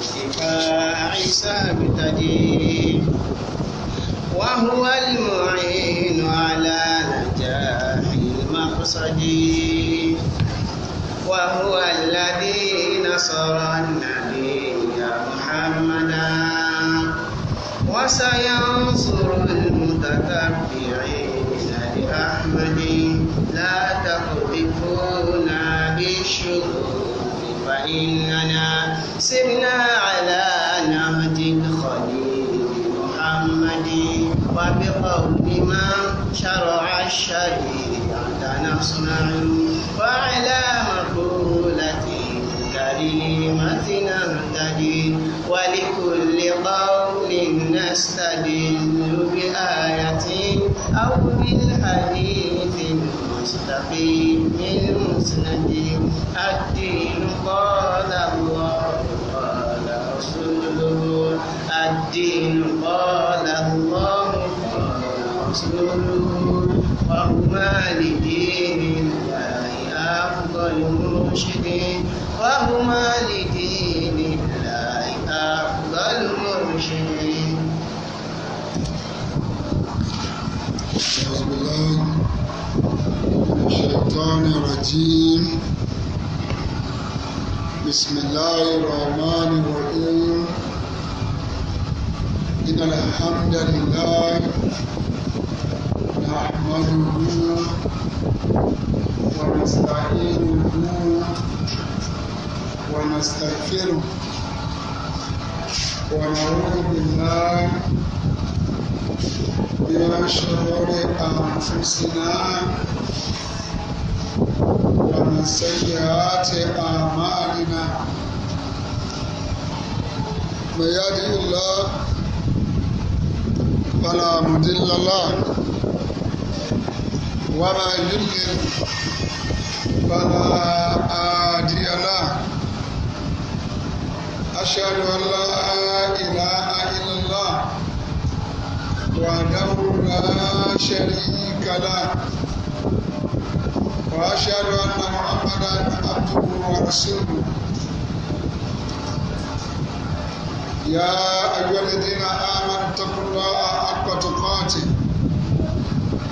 بالشفاع سابتدي وهو المعين على نجاح المقصد وهو الذي نصر النبي محمدا وسينصر وهما لدين الله أفضل مرشدين وهما لدين الله أفضل مرشدين أعوذ بالله من الشيطان الرجيم بسم الله الرحمن الرحيم إن الحمد لله نحمده ونستعينه ونستغفره ونعوذ بالله من شرور أنفسنا ومن سيئات أعمالنا من يهده الله فلا مضل له وما يضلل فلا آدي له أشهد أن لا إله إلا الله وحده لا شريك له وأشهد أن محمدا عبده ورسوله يا أيها الذين آمنوا اتقوا الله حق تقاته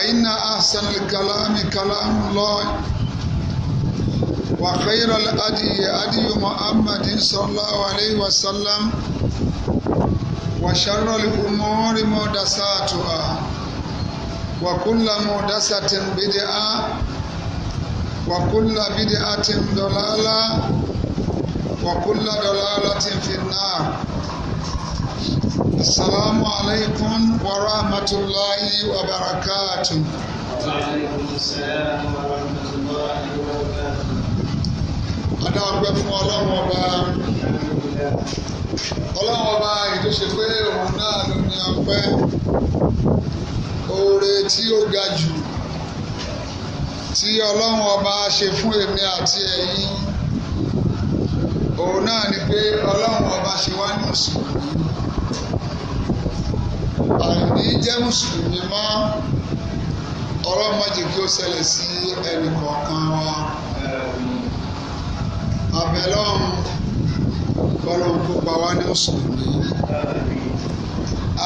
فإن أحسن الكلام كلام الله وخير الأدي أدي محمد صلى الله عليه وسلم وشر الأمور مدساتها وكل مدسة بدعة وكل بدعة ضلالة وكل ضلالة في النار السلام عليكم ورحمة الله وبركاته وعليكم السلام ورحمة الله وبركاته Adá ọgbẹ́ fún ọlọ́run ọba ọlọ́run ọba ètò ṣe pé òun náà ló ní ọpẹ́ oore tí ó ga jù tí ọlọ́run ọba ṣe fún èmi àti ẹ̀yin òun náà ni pé ọlọ́run ọba ṣe wá ní mùsùlùmí àyìnbí jẹ́ mùsùlùmí mọ́ ọlọ́run má jẹ́ kí ó ṣẹlẹ̀ sí ẹnì kọ̀ọ̀kan wa àbẹ̀lọ́run bọ́lọ́run kó pa wá ní mùsùlùmí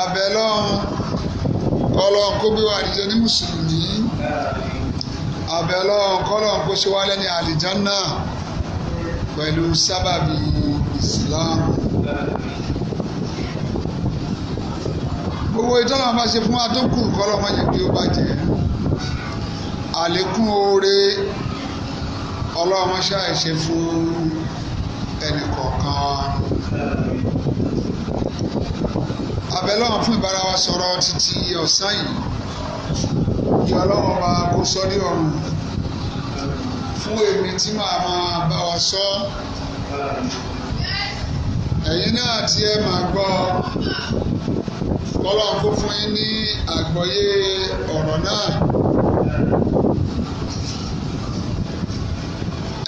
àbẹ̀lọ́run kọ́lọ́run kó gbé wa ní mùsùlùmí àbẹ̀lọ́run kọ́lọ́run kó ṣe wá lẹ́ni àlìjánná pẹ̀lú sábàbí ìsìláàmù. gbogbo ìtọ́nà bá ṣe fún wa tó kù kọ́lọ́ wọn jẹ́ kí ó bàjẹ́ àlékún oore ọlọ́mọṣá ẹ̀ ṣe fún ẹnìkọ̀ọ̀kan wa abẹ́lọ́wọ̀n fún ìbára wa sọ̀rọ̀ títí ọ̀sán yìí kí ọlọ́wọ́n bá kó sọ ní ọ̀run fún èmi tí màá máa bá wa sọ. So. ẹ̀yin náà ti ẹ máa gbọ kọ́lọ́ kó fún yín ní àgbọ́yé ọ̀rọ̀ náà.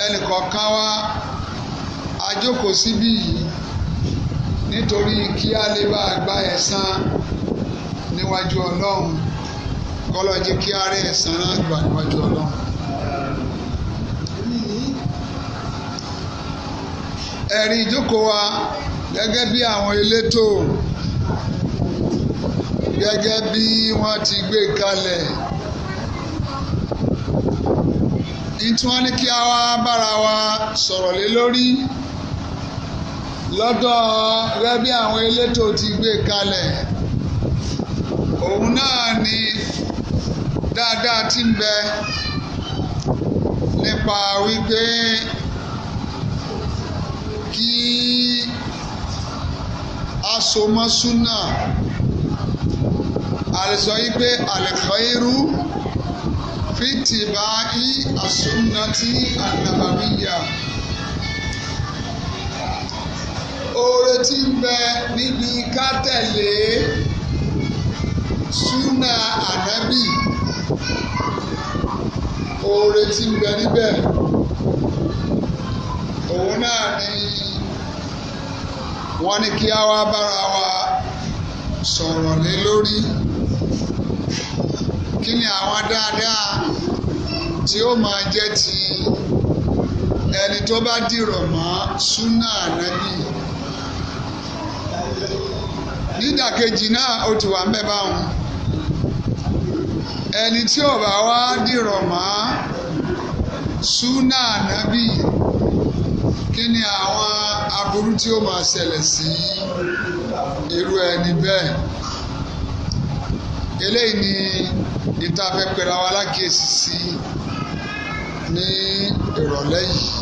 ẹnìkọ̀ọ̀kan wa a jókòó síbí yìí nítorí kí a lè bá a gba ẹ̀san níwájú ọlọ́run kọlọ jẹ́ kí a rí ẹ̀san náà gbà níwájú ọlọ́run. ẹ̀rí ìjókòó wa gẹ́gẹ́ bí àwọn elétò gẹ́gẹ́ bí wọ́n ti gbé kalẹ̀ ìtú wọn ní kí a wá bára wa sọ̀rọ̀ lé lórí lọ́dọ̀ gẹ́gẹ́ bí àwọn elétò ti gbé kalẹ̀ òun náà ni dáadáa ti ń bẹ nípa wípé so suna súnà àlesọ yìí pé àlèkọ́irú fìtì bá yí àsúná tí ànàbàmíyà oore tí ń bẹ níbi ká tẹ̀lé súnà ànábì oore tí ń ni wọ́n ní kí á wá bára wa sọ̀rọ̀ lé lórí kí ni àwọn dáadáa tí ó máa jẹ́ ti ẹni tó bá dìrọ̀ mọ́ súnà ànábì dídàkejì náà ó ti wà mẹ́ báwọn ẹni tí ò bá wá dìrọ̀ mọ́ súnà ànábì kí ni àwọn aburú tí ó máa ṣẹlẹ̀ sí irú ẹni bẹ́ẹ̀ eléyìí ni ìta fẹ́ pera wa lákèésí sí ní ìrọ̀lẹ́ yìí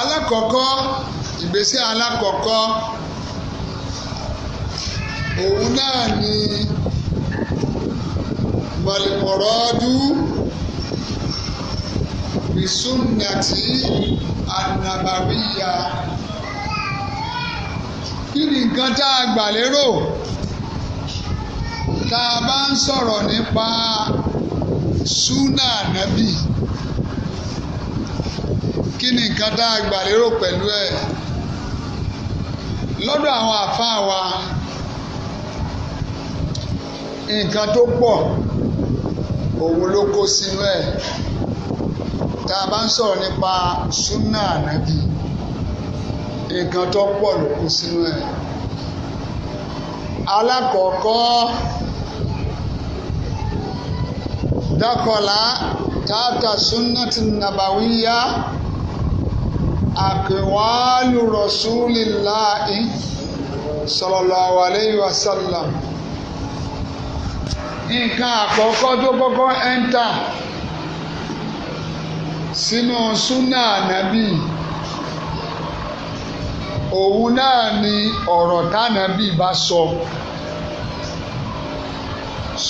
alákọ̀ọ́kọ́ ìgbésẹ̀ alákọ̀ọ́kọ́ òun náà ni mọ̀lẹ́mọ̀rọ́dún bìsúnnàtì ànàbàwíyà kí ni nǹkan tá a gbà lérò tá a bá ń sọ̀rọ̀ nípa súnà ànábì kí ni nǹkan tá a gbà lérò pẹ̀lú ẹ̀ lọ́dọ̀ àwọn àfáà wa nǹkan tó pọ̀ òun ló kó sínú ẹ̀ tá a bá ń sọ̀rọ̀ nípa súnà ànábì nǹkan tó pọ̀ ló kó sínú ẹ̀ alákọ̀ọ́kọ́ dákọ̀lá tààtà súnnàtì nàbàwíyá àkèwálù rọ̀súlìláì sallallahu alayhi wa sallam nǹkan àkọ́kọ́ tó kọ́kọ́ ẹ́ńtà sínú súnà ànábì òun náà ni ọ̀rọ̀ tànábì bá sọ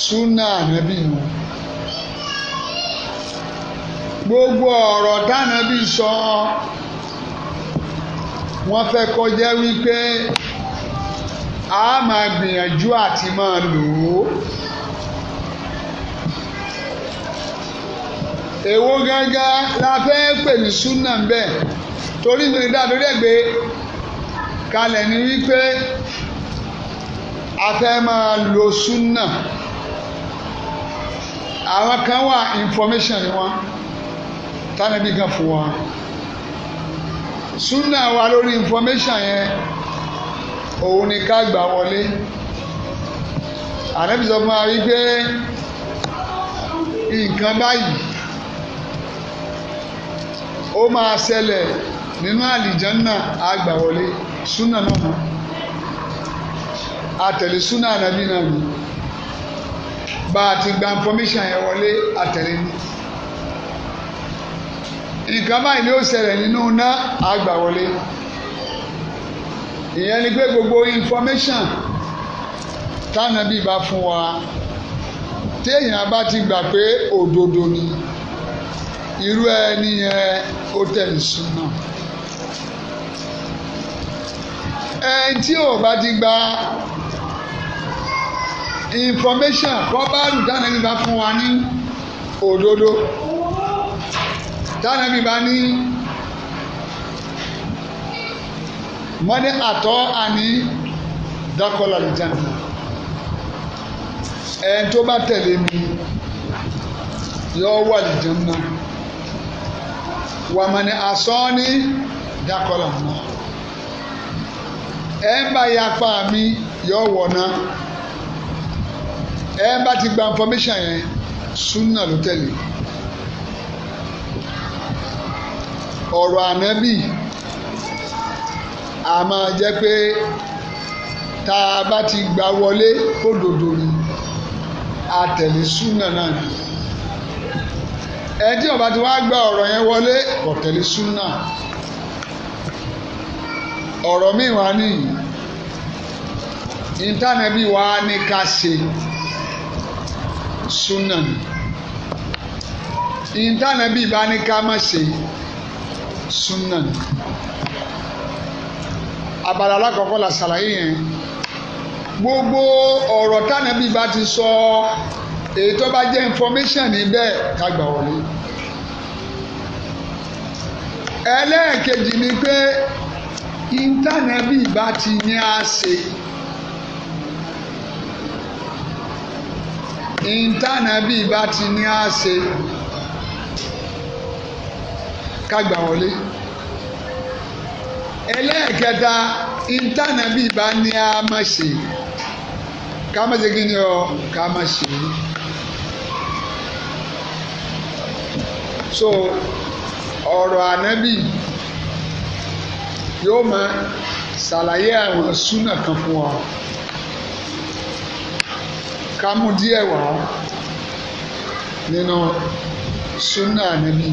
súnà ànábì nù gbogbo ọ̀rọ̀ tànábì sọ wọ́n fẹ́ kọjá wípé a máa gbìyànjú àti máa lò ó. èwo gángan la fẹ́ pè ní súnà ń bẹ̀ torí nítorí dáadọ́ dẹ̀ gbé kalẹ̀ ní wípé a fẹ́ máa lo súnà àwọn kan wà information ni wọn tánàbí kan fún wa súnà wa lórí information yẹn òun ni ká gbà wọlé ànábì sọ fún wa wípé nǹkan báyìí ó máa ṣẹlẹ̀ nínú àlìjánná àgbàwọlé súnà náà mọ́ àtẹ̀lé súnà ànábì náà ni bá a ti gba information yẹn wọlé àtẹ̀lé ni nǹkan báyìí ni ó ṣẹlẹ̀ nínú ná àgbàwọlé ìyẹn ni pé gbogbo information tánàbí bá fún wa téèyàn bá ti gbà pé òdodo ni irú ẹni yẹn ó tẹ̀lé súnà. ẹni tí ò bá ti gba information kọ́ bá rù dánilẹ́bí bá fún wa ní òdodo dánilẹ́bí bá ní mọ́dé àtọ́ àní dákọ́lá lè jẹun ẹni tó bá tẹ̀lé mi yọ wà lè jẹun náà wàmọ̀nì asọ́ọ́ni dákọ̀là náà ẹ̀ ń bá yapa mi yọ wọ̀ náà ẹ̀ bá ti gba information yẹn sunna ló tẹ̀lé ọ̀rọ̀ ànábì a máa jẹ́ pé tá a bá ti gbà wọlé kó dòdò ni a tẹ̀lé sunna náà nìyẹn ẹ tí ọba ti wá gba ọ̀rọ̀ yẹn wọlé kò tẹ̀lé súnà ọ̀rọ̀ míì wá nìyí intanẹbi wá ní ká ṣe súnà intanẹbi bá ní ká má ṣe súnà abala alákọ̀ọ́kọ́ la ṣàlàyé yẹn gbogbo ọ̀rọ̀ tánẹ́bí bá ti sọ. So, èyí tó bá jẹ́ information níbẹ̀ ká gbà wọlé ẹlẹ́ẹ̀kejì ni pé intanẹ́bì bá ti ní a ṣe intanẹ́bì bá ti ní a ṣe ká gbà wọlé ẹlẹ́ẹ̀kẹta intanẹ́bì bá ní a má ṣe ká má ṣe kí ni ọ ká má ṣe yìí. so ọ̀rọ̀ ànábì yóò máa ṣàlàyé àwọn súnà kan fún wa ká mú díẹ̀ wá nínú súnà ànábì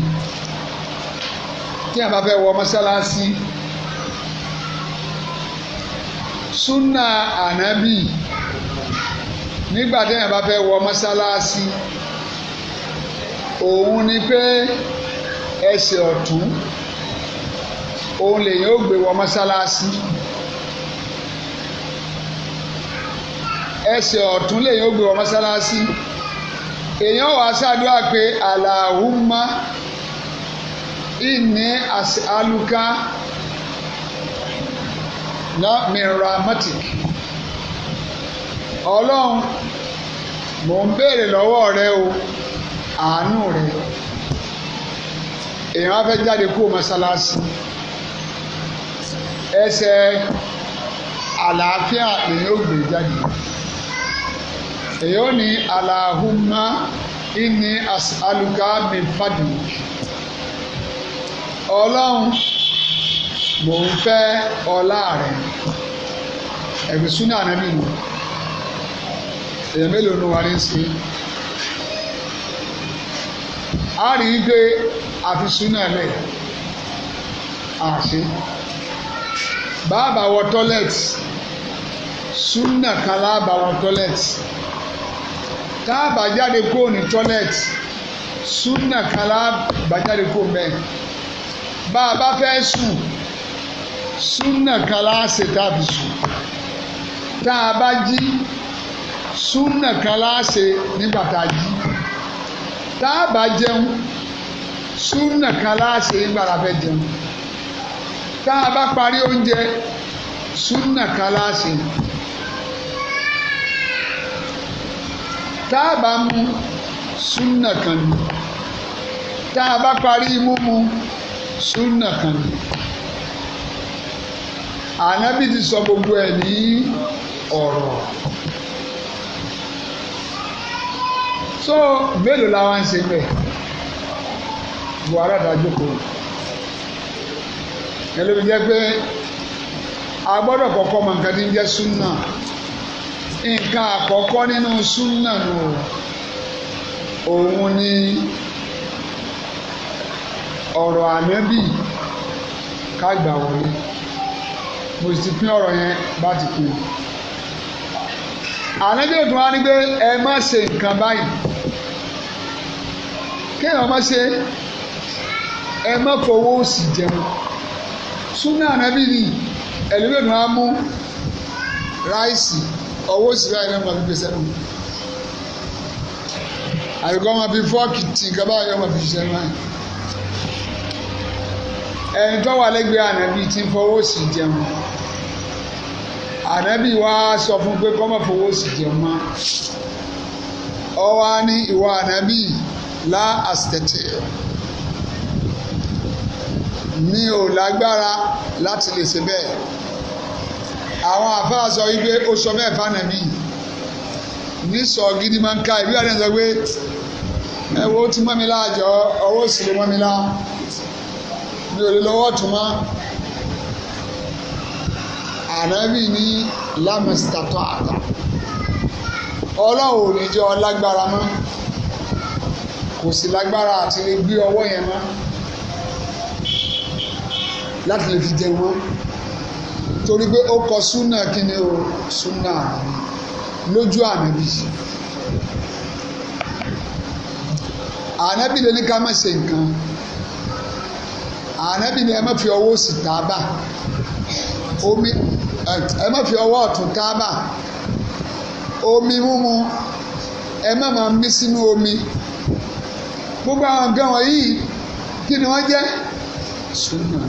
tí a bá fẹ́ wọ mọ́sálásí súnà ànábì nígbà tí a bá fẹ́ wọ mọ́sálásí òun ni pé ẹsẹ̀ ọ̀tún òun lèyìn ó gbé wọ mọ́sálásí ẹsẹ̀ ọ̀tún lèyìn ó gbé wọ mọ́sálásí èèyàn wàá ṣàdúrà pé àlàhùmá ìní àlùkà náà mìíràmátìk ọlọ́run mò ń béèrè lọ́wọ́ rẹ o àánú rẹ̀ èèyàn á fẹ́ jáde kúrò mọ́sálásí ẹsẹ̀ àlàáfíà lèyìn ó gbé jáde èyí ó ní àlàhùmá ìní àlùkà mi fàdí ọlọ́run mò ń fẹ́ ọlá rẹ̀ ẹ̀gbẹ́sùn náà nàbí nù èèyàn mélòó ló wà ní sí i a rí i pé àfi súnà lẹ̀ àṣe bàbá wọ tọ́lẹ̀tì súnà kan láàbà wọ tọ́lẹ̀tì táàbà jáde kúrò ní tọ́lẹ̀tì súnà kan láàbà jáde kúrò mẹ́ẹ̀ bá a bá fẹ́ sùn súnà kan láàṣẹ tàbí sùn tá jí súnà kan láàṣẹ nígbà tá a jí tá a bá jẹun súnà kan láàṣẹ nígbàrà fẹ́ jẹun tá a bá parí oúnjẹ súnà kan láàṣẹ tá a bá mú súnà kan ni tá parí mímu súnà kan ni ànábì ti sọ gbogbo ẹ̀ ní ọ̀rọ̀. so mélòó la nse ṣe bẹ́ẹ̀ buhari adájọ́ kò pé a kọkọ mọ nǹkan tí ń jẹ́ súnà nǹkan àkọ́kọ́ nínú súnà nù òun ni ọ̀rọ̀ ànábì ká wọlé mo sì ti pín yẹn bá ti pín kéèyàn má ṣe ẹ má fọwọ́ òsì jẹun súnà ànábì ni ẹlẹ́gbẹ̀rún á mú ráìsì ọwọ́ òsì ráì náà máa fi gbèsè nù àbíkọ́ máa fi fọ́ọ̀kì tì máa fi ṣiṣẹ́ náà ẹni tó wà lẹ́gbẹ̀ẹ́ ànábì ti fọwọ́ jẹun ànábì wa sọ fún pé kọ́ jẹun ọ la astete mi ò lágbára láti lè ṣe bẹ́ẹ̀ àwọn àfáà sọ wípé ó sọ mẹ́fà nàbí nísọ gidi máa ń ka ìwé àdéhùn sọ pé ẹ wo ti mọ́ mi láàjọ ọwọ́ sì lè mọ́ mi lá mi ò lè lọ́wọ́ tún mọ́ ànábì ní lámẹ́sítàtọ̀ àtà ọlọ́run ò ní jẹ́ ọ lágbára mọ́ kò sì lágbára àti lè gbé ọwọ́ yẹn mọ́ láti lè fi jẹ wọ́n torí pé ó kọ súnà kíni o súnà lójú ànábì ànábì lè ní ká má ṣe nǹkan ànábì ni ẹ má fi ọwọ́ òsì tábà omi ẹ má fi ọwọ́ ọ̀tún tábà omi mímu ẹ má máa mí sínú omi gbogbo àwọn nǹkan wọ̀nyí kí ni wọ́n jẹ́ súnà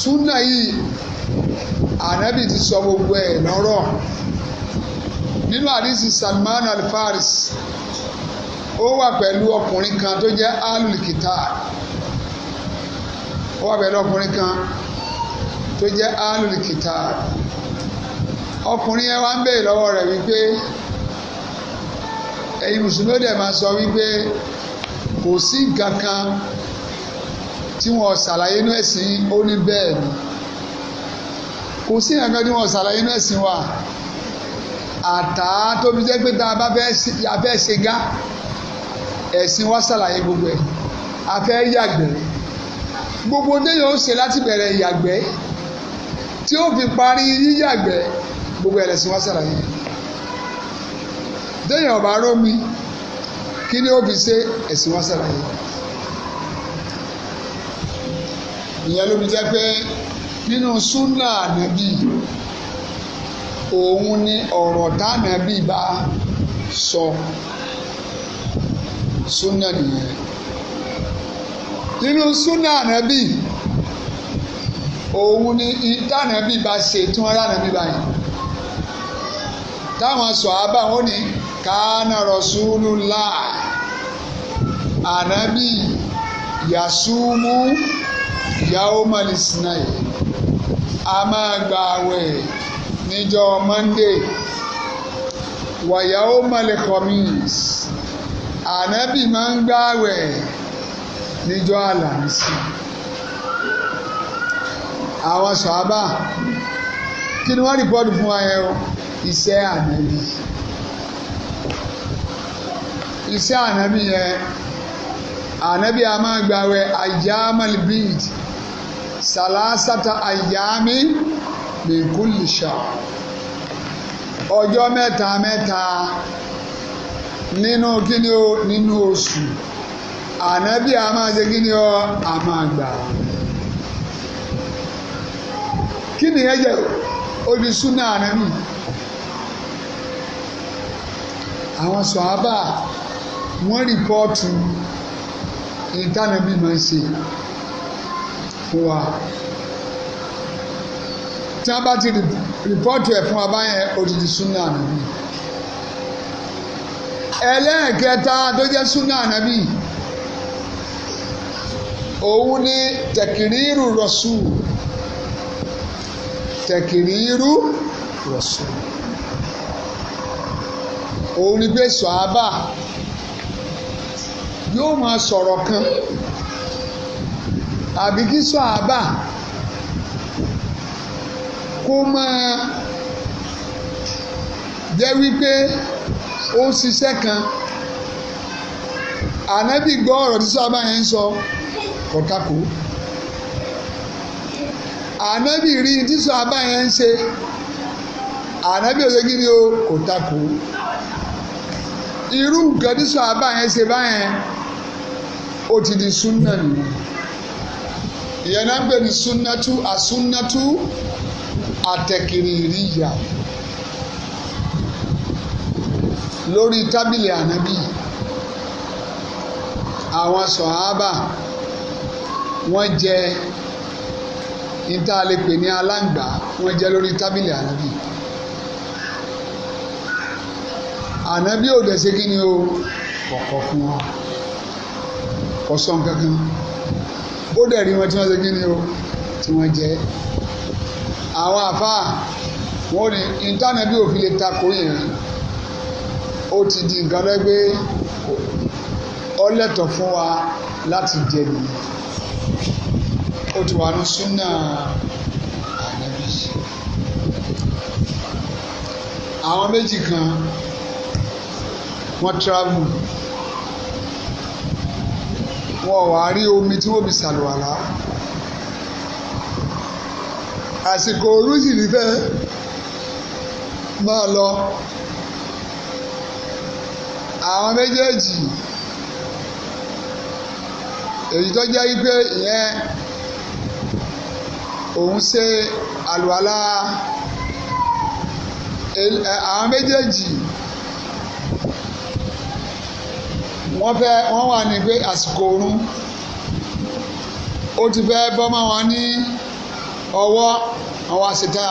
súnà yìí ànábì ti sọ gbogbo ẹ̀ lọ́rọ̀ nínú àdìsí Salman al ó wà pẹ̀lú ọkùnrin kan tó jẹ́ alulikita ó wà pẹ̀lú ọkùnrin kan tó jẹ́ alulikita ọkùnrin yẹn wá ń béè lọ́wọ́ rẹ̀ wípé ẹ̀yin mùsùlùmí ó dẹ̀ máa sọ wípé kò sí nǹkan tí wọ́n ṣàlàyé inú ẹ̀sìn ó ní bẹ́ẹ̀ ni kò sí nǹkan tí wọ́n ṣàlàyé inú ẹ̀sìn wa àtà tóbi jẹ́ pé tá a bá fẹ́ ṣe gá ẹ̀sìn wa ṣàlàyé gbogbo ẹ̀ a fẹ́ yàgbẹ́ gbogbo déyìn ó ṣe láti bẹ̀rẹ̀ yàgbẹ́ tí ó fi parí yíyàgbẹ́ gbogbo ẹ̀rẹ̀sìn wa ṣàlàyé téèyàn ọba rómi kí ni ó fi ṣe ẹ̀sìn wọn ṣàlàyé ìyẹn ló fi jẹ́ pé nínú súnà ànábì òun ni ọ̀rọ̀ tànábì bá sọ súnà nìyẹn nínú súnà ànábì òun ni tànábì bá ṣe tí wọ́n rà ànábì báyìí táwọn sọ̀ abáwọn ní kánà rasulullah ànábì yasumu yaumal isnai a máa gba àwẹ̀ níjọ́ monday wa yaumal khamis ànábì máa ń gba àwẹ̀ níjọ́ àlàmísì àwọn sàhábà kí ni wọ́n rìpọ́ọ̀tù fún wa iṣẹ́ ànábì iṣẹ́ ànábì yẹn ànábì a máa gbààwẹ̀ ayyamal bid salasata ayyami min kulli shahr ọjọ́ mẹ́ta mẹ́ta nínú kíni o nínú oṣù ànábì a máa ṣe kíni o a máa gbààwẹ̀ kíni yẹn jẹ́ odi súnà àwọn sọ̀hábà. So wọ́n rìpọ́ọ̀tù ìtànàbí máa ń ṣe fún wa tí wọ́n bá ti rìpọ́ọ̀tù ẹ̀ fún wa báyẹn odidi súnà ànábì ẹlẹ́ẹ̀kẹta tó jẹ́ súnà ànábì òun ni tẹ̀kìrìírù rọ̀ṣù tẹ̀kìrìírù rọ̀ṣù òun ni pé sọ̀ábà. So yóò máa sọ̀rọ̀ kan àbí kí sọ̀hábà kó máa jẹ́ wípé ó ń ṣiṣẹ́ kan ànábì gbọ́ ọ̀rọ̀ tí sọ̀hábà yẹn ń sọ kọ̀ọ̀kakò ànábì rí tí sọ̀hábà yẹn ń ṣe ànábì òye gírí o kò irú nǹkan tí sọ̀hábà yẹn ṣe báyẹn ó ti di súnà nù ìyẹn náà ń pè ní súnàtú àsúnàtú àtẹkìrìríyà lórí tábìlì ànábì àwọn sọ̀hábà wọ́n jẹ níta lè pè ní aláǹgbá wọ́n jẹ lórí tábìlì ànábì ànábì ò dẹ̀ ṣe kí ni o kọ̀kọ̀ fún wọn ọ̀sán kankan ó dẹ̀ rí wọn tí wọ́n ṣe kíni o tí wọ́n jẹ́ àwọn àfáà wọ́n ní ìntánẹ́bí òfin lè takò yẹn ó ti di nǹkan lẹ́gbẹ́ ọlẹ́tọ̀ fún wa láti jẹ nìyẹn ó ti wà ní súnà ànábì àwọn méjì kan wọ́n travel wọn ò wá rí omi tí wọ́n fi ṣàlùwàlá àsìkò ooru sì ní fẹ́ máa lọ àwọn méjèèjì èyí tó jẹ́ wípé ìyẹn òun ṣe àlùwàlá àwọn méjèèjì. Wọn fẹ́ wà ní pé àsìkò oorun ó ti fẹ́ bọ́ mọ́ ní ọwọ́ àwọn aṣetáyà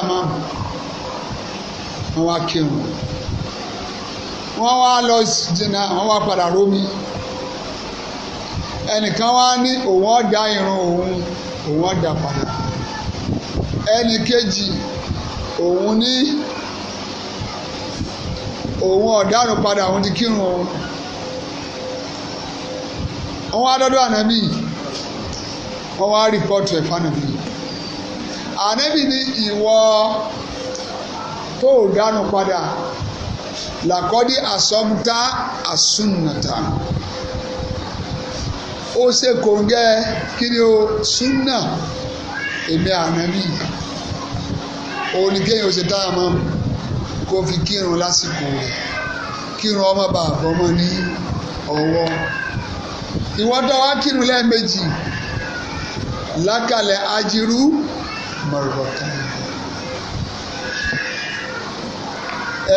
wọn lọ jìnnà wọ́n wá padà rómi ẹnìkan wá ní òun irun òun òun ọ̀dà padà ẹnì kejì òun ní òun ọ̀daràn padà òun ti ọwọ́ adọ́dọ́ ànábì ọwọ́ àrípọ́tù ẹ̀fọ́ ànábì ànábì ní ìwọ tó dánú padà làkọ́dí àsọmúta àsúnnàta ó ṣe kòńgẹ́ kí ni o súnnà èmi ànábì òun ni kéèyàn ó ṣe táyà mọ́ kó fi kírun lásìkò rẹ̀ kírun ọmọ bàbá ọmọ ní ọwọ́ ìwọ́dọ̀ wá kírun lẹ́ẹ̀mejì lákàlẹ̀ ajirú mọ̀rọ̀bọ̀tà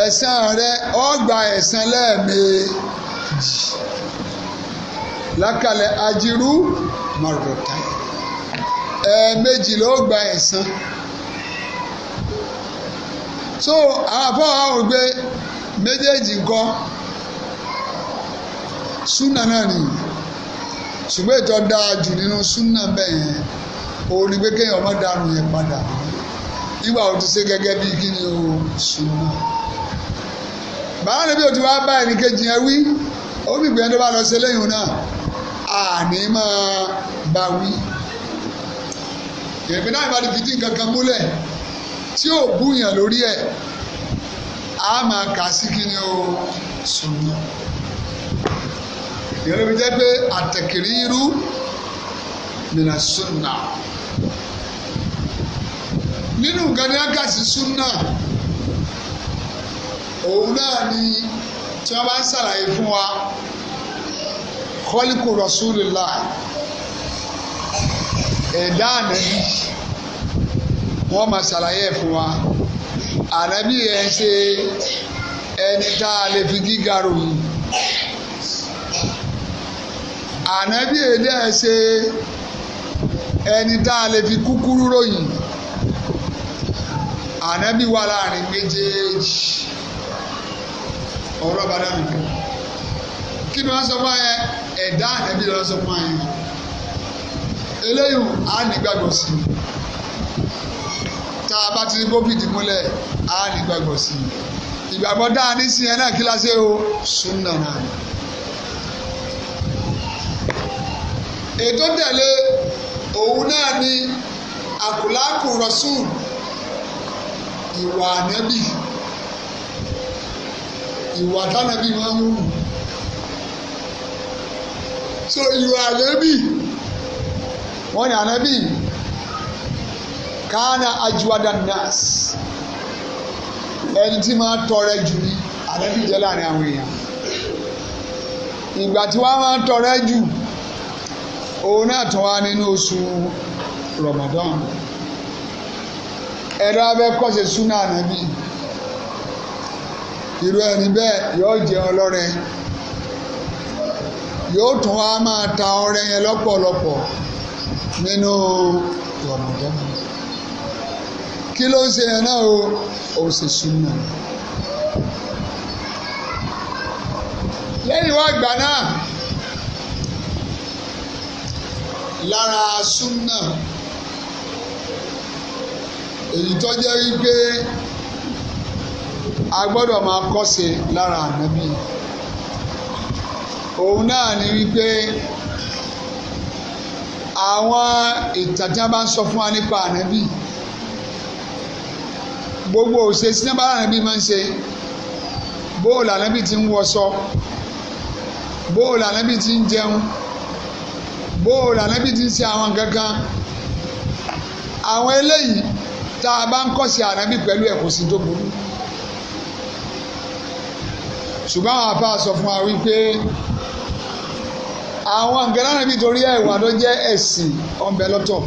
ẹ̀san rẹ ó gba ẹ̀san lẹ́ẹ̀mejì lákàlẹ̀ ajirú mọ̀rọ̀bọ̀tà ẹ̀ẹ̀mejì ló gba ẹ̀san so àwọn àbọ̀ àwọn ògbé méjèèjì gan súnà náà nìyí ṣùgbọ́n ètò dáa jù nínú súnà bẹ́ẹ̀ yẹn òun ni pé kéèyàn má dànù yẹn padà nígbà wo ti ṣe gẹ́gẹ́ bí kí ni o súnà. bàbá rẹ̀ bí o ti wá bá ẹnì kejì yẹn wí ó bí gbìyànjú tó bá lọ ṣe lẹ́yìn náà àní máa bá wí. èmi náà ìbá ti fi dín kankan múlẹ̀ tí ò búyàn lórí ẹ̀ á máa kà sí kí ni o súnà ìyẹn ló fi jẹ́ pé àtẹ̀kìrí irú mìíràn súnà nínú nǹkan ní ágàsí òun náà ni tí wọ́n bá ń ṣàlàyé fún wa kọ́líkù rasulillah ẹ̀dá ànábì wọ́n máa ṣàlàyé fún wa ànábì ẹ̀ ṣe ẹni tá a lè fi gíga ròyìn ànábì èdè ẹ̀ ṣe ẹni tá a lè fi kúkúrú ròyìn ànábì wà láàrin méjèèjì ọ̀rọ̀ bá dábì kan kí ni wọ́n sọ fún ẹ ẹ̀dá ànábì lọ́wọ́ sọ fún ẹ eléyìí á nígbàgbọ́ sí i tá a bá ti rí bóbìdì múlẹ̀ á nígbàgbọ́ sí i ìgbàgbọ́ dáa ní sí náà kí lásìkò sunna náà. ètò tẹ̀lé òun náà ni àkùlákù rasul ìwà ànábì ìwà tánàbí máa ń wù so ìwà ànábì wọ́n ní ànábì kánà ajuwada nas ẹni tí máa tọrẹ jù ní ànábì jẹ́ láàrin àwọn èèyàn ìgbà tí wọ́n máa tọrẹ jù òun náà tún wá nínú oṣù Ramadan ẹ̀rọ abẹ́ kọ́ṣe súnà ànábì irú ẹni bẹ́ẹ̀ yóò jẹ́ ọlọ́rẹ yóò tún wá máa ta ọrẹ yẹn lọ́pọ̀lọpọ̀ nínú Ramadan kí ló ń ṣe yẹn náà o ò sì súnà lẹ́yìn wá gbà náà. lára súnà èyí tó jẹ́ wípé a gbọ́dọ̀ máa kọ́ṣe lára ànábì òun náà ni wípé àwọn ìtàn tí wọ́n bá ń sọ fún wa nípa ànábì gbogbo òṣè tí wọ́n bá ànábì máa ń ṣe bóòlù ànábì ti ń wọṣọ bóòlù ànábì ti ń jẹun bóòlù ànábì ti ń ṣe àwọn kankan àwọn eléyìí tá a bá ń kọ́ sí ànábì pẹ̀lú ẹ̀kọ́ sí tó burú ṣùgbọ́n àwọn àbá sọ fún wa wípé àwọn nǹkan náà níbi torí ẹ̀wà tó jẹ́ ẹ̀sìn ọ̀nbẹ lọ́tọ̀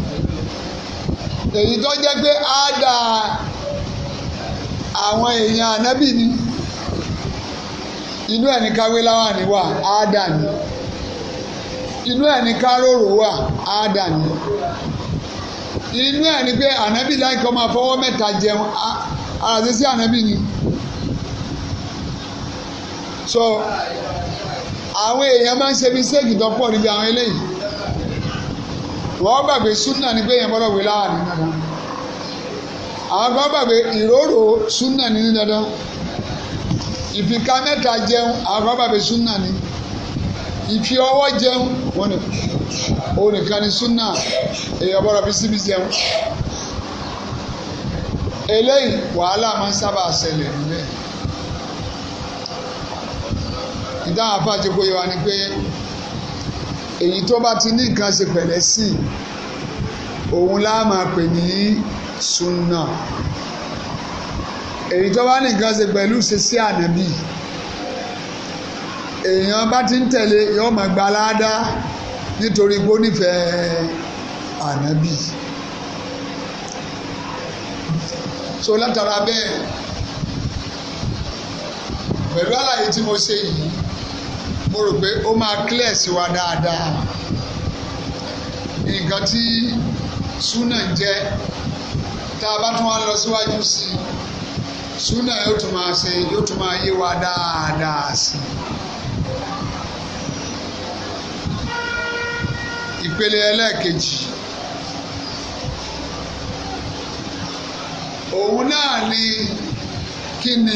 èyí tó jẹ́ pé á da àwọn èèyàn ànábì ni inú ẹ̀ ní káwé láwọn àníwá á dà ní inú ẹ̀ ní káróró wà áádà ni inú ẹ̀ ní pé ànábì láì kọ́ máa fọwọ́ mẹ́ta jẹun àràdé sí ànábì ni so àwọn èèyàn máa ń ṣe bí séèkì tó pọ̀ níbi àwọn eléyìí wọ́n gbàgbé súnà ni pé èèyàn gbọ́dọ̀ wé láàrin dandan àwọn kan gbàgbé ìróró súnà ni ní dandan ìfìkà mẹ́ta jẹun àwọn kan gbàgbé súnà ni ìfi ọwọ́ jẹun wọn ni òun nìkan ni súnà èèyàn bọ́dọ̀ fi síbi jẹun eléyìí wàhálà máa ń sábà ṣẹlẹ̀ nílẹ̀ ìdáhùn afáàjẹ kó yẹ wa ni pé èyí tó bá ti ní nǹkan ṣe pẹ̀lẹ́ sí i òun láà máa pè ní súnà èyí tó bá ní nǹkan ṣe pẹ̀lú ṣe sí ànábì èèyàn bá ti ń tẹ̀lé yóò máa gba aláàdá nítorí pé ó nífẹ̀ẹ́ ànábì so látara bẹ́ẹ̀ pẹ̀lú àlàyé tí mo ṣe yìí mo rò pé ó máa clear sí wa dáadáa nǹkan tí súnà ń jẹ́ tá a bá tún wá lọ síwájú sí i súnà yóò tún máa ṣe yóò tún máa yé wa dáadáa sí i. ìpele ẹlẹ́ẹ̀kejì òun náà ni kí ni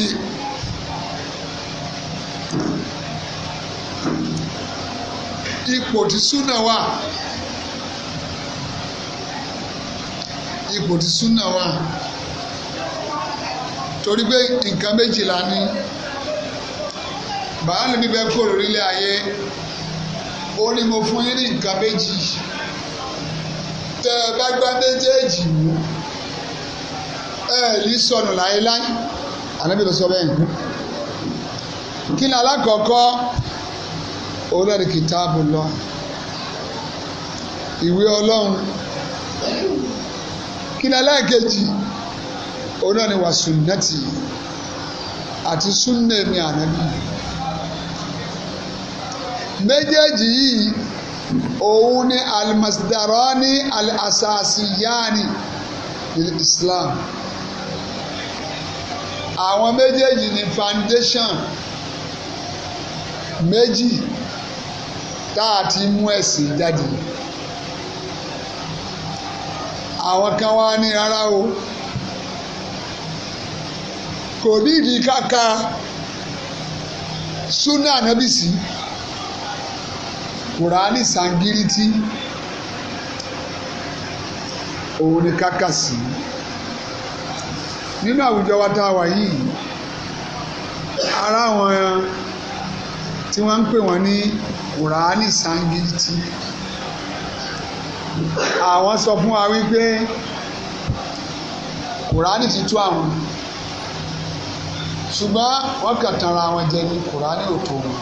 ipò tí súnà wà ipò tí súnà wà torí pé nǹkan méjìlá ni bàálù bíbẹ́ kúrò lórílẹ̀ ayé ó ní mo fún yín ní nǹkan méjì tẹ́ ẹ bá gbá méjèèjì mú ẹ ní sọnù láéláé ànábì ló sọ bẹ́ẹ̀ kí ni alákọ̀ọ́kọ́ òun kìtáàbù lọ ìwé ọlọ́run kí ni alákejì òun náà ní àti súnnẹ̀mí ànábì méjèèjì yìí òun ni alimasdarani alasasiyani ilẹ̀ Islam àwọn méjèèjì ni foundation méjì tá a ti mú ẹ̀sìn jáde àwọn kan wá ní rárá o kò nídìí káka súnà nábìsí kùránì sangiriti òun ni kákà sí nínú àwùjọ wa tá a wà yìí ara àwọn tí wọ́n ń pè wọ́n ní kùránì sangiriti àwọn sọ fún wa wípé kùránì ti tó àwọn ṣùgbọ́n wọ́n kà tanra àwọn jẹ ní kùránì ò wọn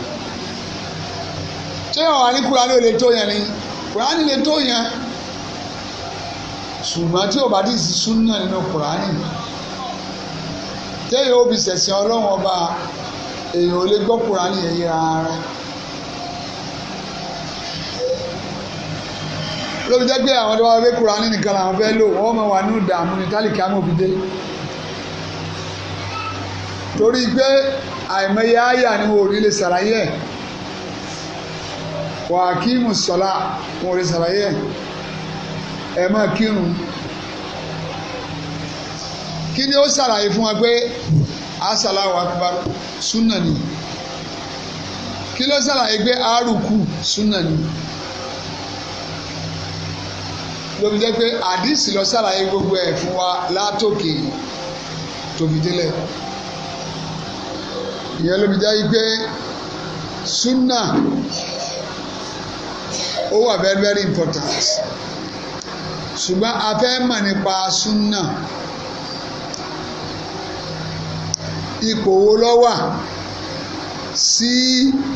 ṣé wọn wà ní kúránì ò lè tó yẹn ni kúránì lè tó yẹn ṣùgbọ́n tí ò bá ti sí súnà nínú kúránì téèyàn ó fi ṣẹ̀sìn ọlọ́run ọba èèyàn ò lè gbọ́ kúránì yẹn yẹ rárá. lóbi jẹ́ pé àwọn tó wá wé kúránì nìkan làwọn fẹ́ lò wọ́n mọ̀ wà ní ìdààmú ní tálíkà mọ̀ torí pé àìmọye àyà ni wọn ò ní lè ṣàlàyé ẹ̀ wà á kí mùsọ̀lá wọn ò lè ṣàlàyé ẹ̀ máa kírun kí ni ó ṣàlàyé fún wa pé asàláwò akbar súnà ni kí ló ṣàlàyé pé arùkù súnà ni lóbi jẹ́ pé àdìsí lọ ṣàlàyé gbogbo ẹ̀ fún wa látòkè tóbi délẹ̀ ìyẹn lóbi jẹ́ pé súnà ó wà very very important ṣùgbọ́n a fẹ́ mọ̀ nípa súnà ipò wo ló wà sí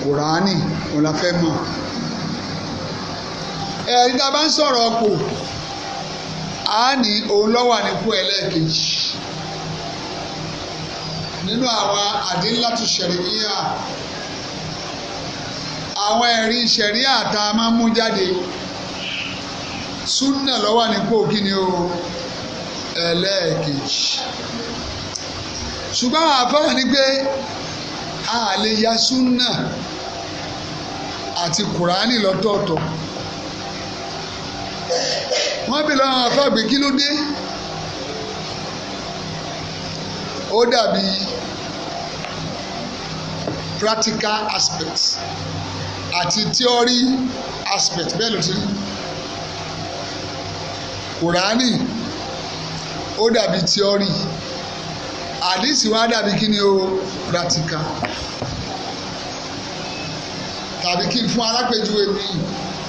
kùránì òun la fẹ́ mọ̀ ẹ̀rí tá a bá ń sọ̀rọ̀ ọ̀pọ̀ á ní òun ló wà nípò ẹlẹ́ẹ̀kejì nínú àwọn àdínlá tó ṣẹ̀rí yíyá àwọn ẹ̀rí ṣẹ̀ríà tá a máa mú jáde súnà ló wà nípò kí ni o ẹlẹ́ẹ̀kejì ṣùgbọ́n àbáwọ̀ ni pé a lè ya súnà àti kùránì lọ́tọ̀ọ̀tọ̀ wọ́n bí lọ́wọ́ àfàgbé kí ló dé ó dàbí practical aspects àti theory aspect bẹ́ẹ̀ ló ti rí kùránì ó dàbí theory àdìsí wa dàbí kí ni o practical tàbí kí n fún alápèjúwe mi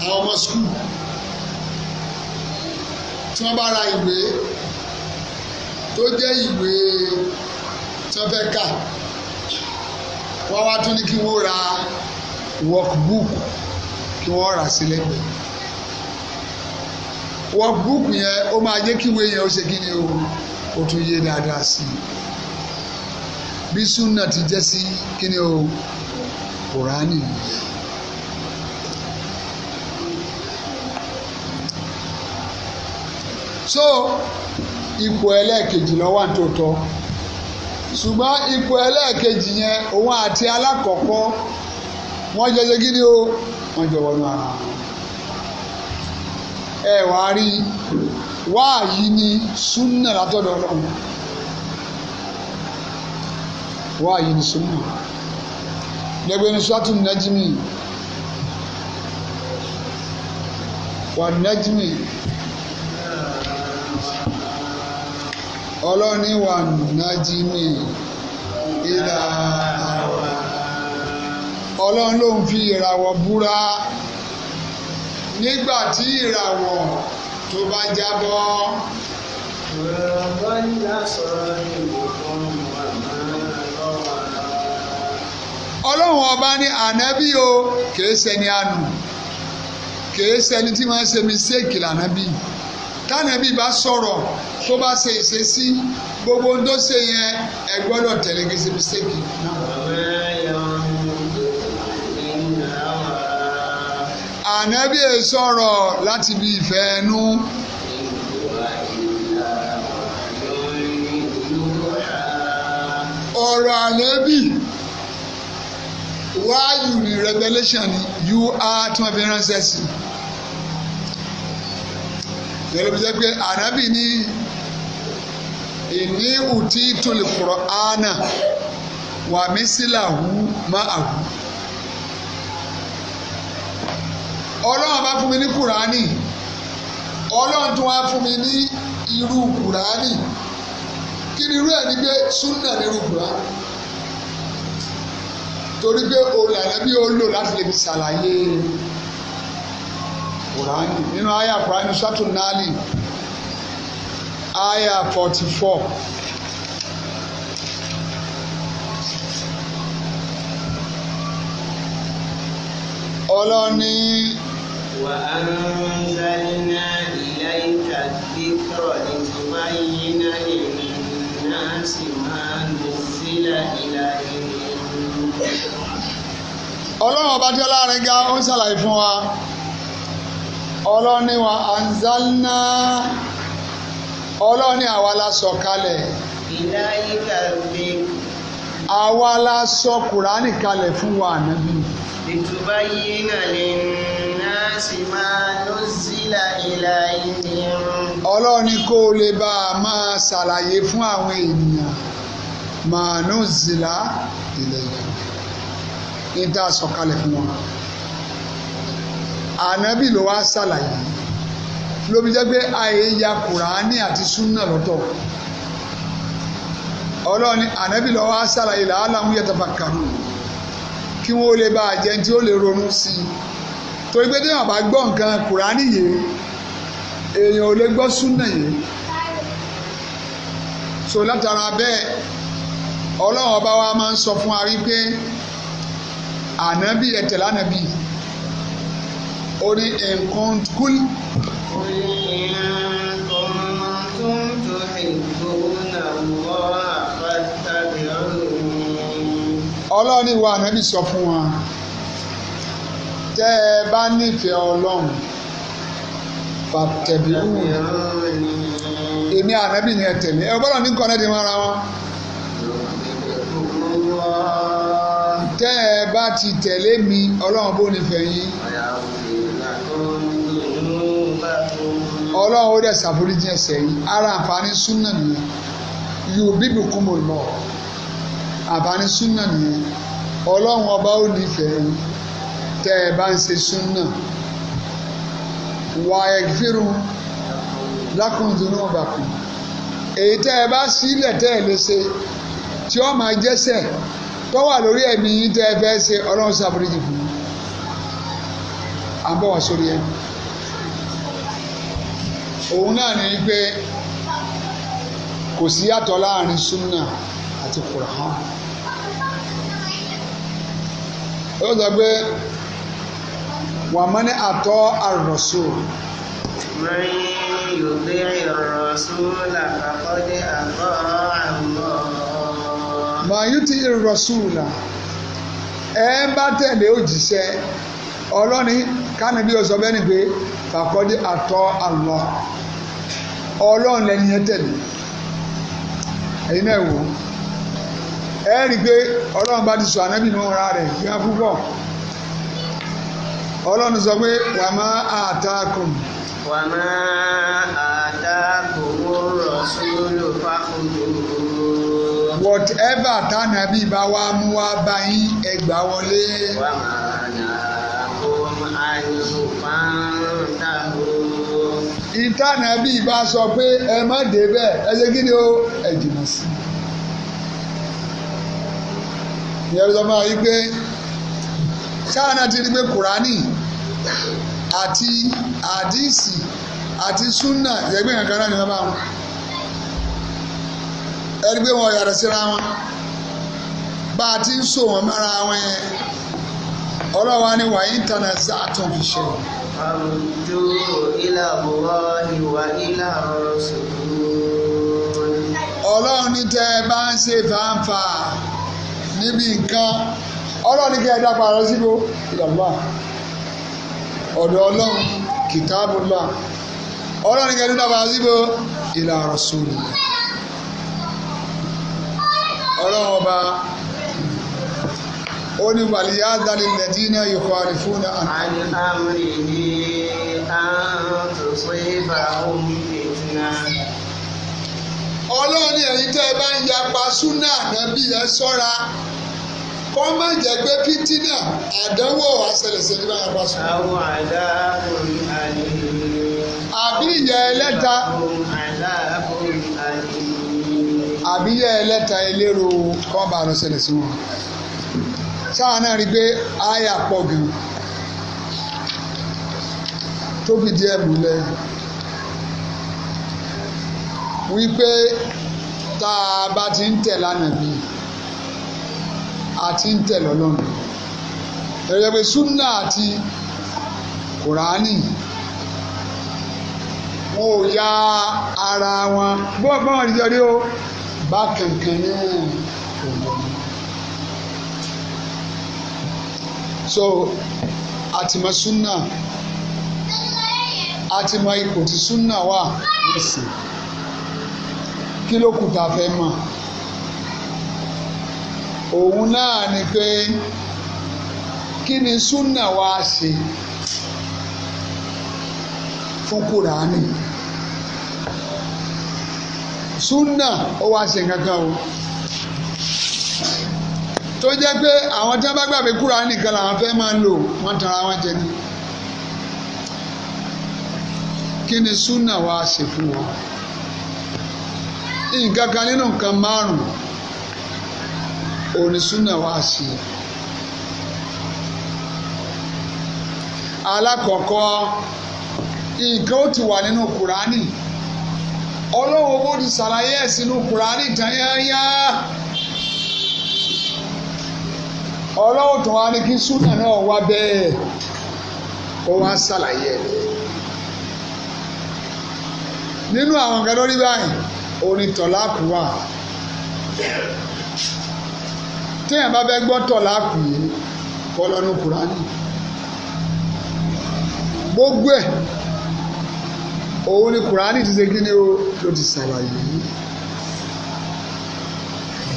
àwọn ọmọ skul tí wọ́n bá ra ìwé tó jẹ́ ìwé tí wọ́n fẹ́ kà wọ́n wá tún ní kí wọ́n ra workbook kí wọ́n rà sílẹ̀ workbook yẹn ó máa jẹ́ kí ìwé yẹn ó ṣe kí ni o ó tún yé dáadáa sí i bí súnà ti jẹ́ sí kí ni o kùránì nìyẹn. so ipò ẹlẹ́ẹ̀kejì lọ́wọ́ àtòtọ́ ṣùgbọ́n ipò ẹlẹ́ẹ̀kejì yẹn òun àti alákọ̀ọ́kọ́ wọ́n jọ ṣe gíní o wọ́n jọ wọnú ara ẹ wà á rí wáàyí ni súnà látọ̀dọ̀ ọlọ́run wáàyí ni súnà lẹ́gbẹ̀ẹ́ sọ́tù nẹ́jìmì wà nẹ́jìmì ọlọ́ni wà nẹ́jìmì ìlà àwọn ọlọ́run ló ń fi ìràwọ̀ búra nígbà tí ìràwọ̀ tó bá jábọ́. ọlọ́run ọba ní ànábì o kìí ṣẹni àánú kìí ṣẹni tí wọ́n ṣe mistake lànábì tànábì bá sọ̀rọ̀ tó bá ṣe ìṣesí gbogbo ohun tó ṣe yẹn ẹ gbọ́dọ̀ tẹ̀lé kìí ṣe mistake náà. ànábì ẹ sọ̀rọ̀ láti bí ìfẹ́ ẹnu. ọ̀rọ̀ ànábì wáyù ní revelation you are tí wọ́n fi ránṣẹ́ sí i yẹlẹmisẹ pé anabi ni ìní ùtí tòlìkùrọ̀ ànà wà mí sílà hu má àhù. ọlọ́run bá fún mi ní kùránì ọlọ́run tún wá fún mi ní irú kùránì kí ni irú ẹ̀ ní pé súnà ní irú kùránì torí pé òòlù ànábì ó lò láti lè fi ṣàlàyé kùránì nínú àyà kùránì sọ́tún àyà forty four. ọlọ́ni. وأنزلنا إليك الذكر لتبين للناس ما نزل إليهم ọlọ́run ọba tí ọlọ́run ga ó ń ṣàlàyé fún wa ọlọ́run ni wa anzalna ọlọ́run ni àwa la sọ kalẹ̀. àwa la sọ kùránì kalẹ̀ fún wa ànábì. ìtúbá yìí náà lè sí máa ló sílà ìlà ìlẹ̀. ọlọ́run ní kó o lè bá a máa ṣàlàyé fún àwọn ènìyàn máa ló sílà ìlẹ̀ ìlẹ̀ ní tá a sọ̀kalẹ̀ fún wọn. ànábì ló wá ṣàlàyé lóbi jẹ́ pé àyèyà kùránì àti súnà lọ́tọ̀ ọlọ́run ànábì ló wá ṣàlàyé làálàá ń yẹ tàbá kàrú kí wọ́n lè bá a jẹ́ tí ó lè ronú sí i torí pé téèyàn bá gbọ́ nǹkan kùránì yìí èèyàn ò lè gbọ́ súnà yìí so látara bẹ́ẹ̀ ọlọ́run ọba wa máa ń sọ fún wa rí pé ànábì ẹ̀tẹ̀ lánàbì ó ní nǹkan kúl. ọlọ́run ìwà ànábì sọ fún wa tẹ́ ẹ bá nífẹ̀ẹ́ ọlọ́run tẹ̀bí wù èmi ànábì ni ẹ tẹ̀lé ẹ gbọ́dọ̀ ní nǹkan ẹ̀dín mọ́ra wọn. tẹ́ ẹ bá ti tẹ̀lé mi ọlọ́run bó nífẹ̀ẹ́ yín ọlọ́run ó dẹ̀ ṣàforíjì ẹ̀ṣẹ̀ yìí ara àǹfààní súnà nìyẹn yóò bíbí kún mọ̀ lọ àǹfààní súnà nìyẹn ọlọ́run ọba ó nífẹ̀ẹ́ yín tẹ́ ẹ bá ń ṣe súnà wà ẹ̀fíru lákùndùnú ọ̀bàkù èyí tẹ́ ẹ bá sílẹ̀ tẹ́ ẹ lè ṣe tí ó máa jẹ́sẹ̀ tó wà lórí ẹ̀mí yín tẹ́ ẹ fẹ́ ṣe ọlọ́run ṣàforíjì fún un à ń bọ̀ wá sórí ẹ̀ òun náà ní pé kò sí yàtọ̀ láàrin súnà àti kùrán ó sọ pé. ومن أطاع الرسول من يطيع الرسول فقد أطاع الله من يطيع الرسول ẹ bá tẹ̀lé òjíṣẹ́ ọlọ́ni kánibí ọ̀sọ́ bẹ́ẹ̀ ni pé fàkọ́dé àtọ́ àlọ́ ọlọ́run lẹ́ni yẹn tẹ̀lé ẹ̀yin náà wò ẹ rí i pé ọlọ́run bá ti sọ ànábì nù ra rẹ̀ gbé púpọ̀ ọlọ́run sọ pé wà má àtàkùn. wà má àtàkùn rọ̀ṣúlù fákùnrin. whatever tánàbí bá wá mú wá bá yín ẹgbàá wọlé. wà má àtàkùn àyùn fáńtàkùn. ìtànàbí bá sọ pé ẹ má débẹ̀ ẹ ṣe kí ni ó ẹ jìnnà sí i. ìyẹn ló sọ fún wa yìí pé sáà náà ti rí pé kùránì àti àdìsí àti súnà ìyẹgbẹ́ kankan náà ni wọ́n bá wọn ẹni pé wọn yàrá síra wọn bá a ti ń so wọn mọ́ra wọn yẹn ọlọ́wà ni wàá ìntànà sàtún fi ṣe. àwùjọ ilà bùrọ̀ ìwà ilà rasulun. ọlọ́run ní tẹ́ ẹ bá ń ṣe fàǹfà níbi nǹkan ọlọ́run ní kí ẹ dápọ̀ àrọ́síbó ìdàgbà ọ̀dọ̀ ọlọ́run kitabullah ọlọ́run ní kẹ́tù dábàá síbò ila rasulillah ọlọ́run ọba ó ní wàlíyá dalí lẹ́dínà yòókù àrífúnà àmì. àmì ní àtúnṣe ìbá omi ìtìná. ọlọ́run ẹ̀yin tẹ́ ẹ bá ń yapa súnà ànábì ẹ sọ́ra kọ́ má jẹ́ pé fìtínà àdánwò àṣẹlẹ̀ṣẹ̀ ní báyà bá sùn. àwọn àdáàbòn àlejò. àbí ìyá ẹlẹ́ta. àwọn àdáàbòn àlejò. àbí ìyá ẹlẹ́ta elérò kọ́ bá lọ ṣẹlẹ̀ sí wọn. sáà náà rí i pé àyà pọ̀ gan. tóbi díẹ̀ múlẹ̀ wípé tá a bá ti ń tẹ̀ lánàá bíi àti ń tẹ̀lé ọlọ́run ẹ̀rọ pé súnà àti kùránì wọn ò ya ara wọn bọ́ọ̀ bọ́ọ̀ ní o bá kankan ní òògùn so àtìmọ̀ súnà àtìmọ̀ ipò tí súnà wà lẹ́sìn kí ló kù tá a fẹ́ mọ̀ òun náà ni pé kí ni súnà wa ṣe fún kùránì súnà ó wá ṣe nǹkan kan o tó jẹ́ pé àwọn tí wọ́n bá gbà pé kùránì nìkan làwọn fẹ́ máa ń lò wọ́n tara wọn jẹ ni kí ni súnà wa ṣe fún wọn nǹkan kan nínú nǹkan márùn-ún onísúnà wá sí i. alákọ̀ọ́kọ́ nǹkan ó ti wà nínú kùránì ọlọ́wọ́ bó ti ṣàlàyé ẹ̀ sínú kùránì tanyanya ọlọ́wọ́ tó wá ní kí súnà náà wá bẹ́ẹ̀ ó wá ṣàlàyé ẹ̀ nínú àwọn nǹkan lórí báyìí onítọ̀lá kù wà téèyàn bá fẹ́ gbọ́ tọ̀ láàpù yìí kọ́ lọ́nu kùránì gbogbo ẹ̀ òun ni kùránì ti ṣe kíni o ló ti ṣàlàyé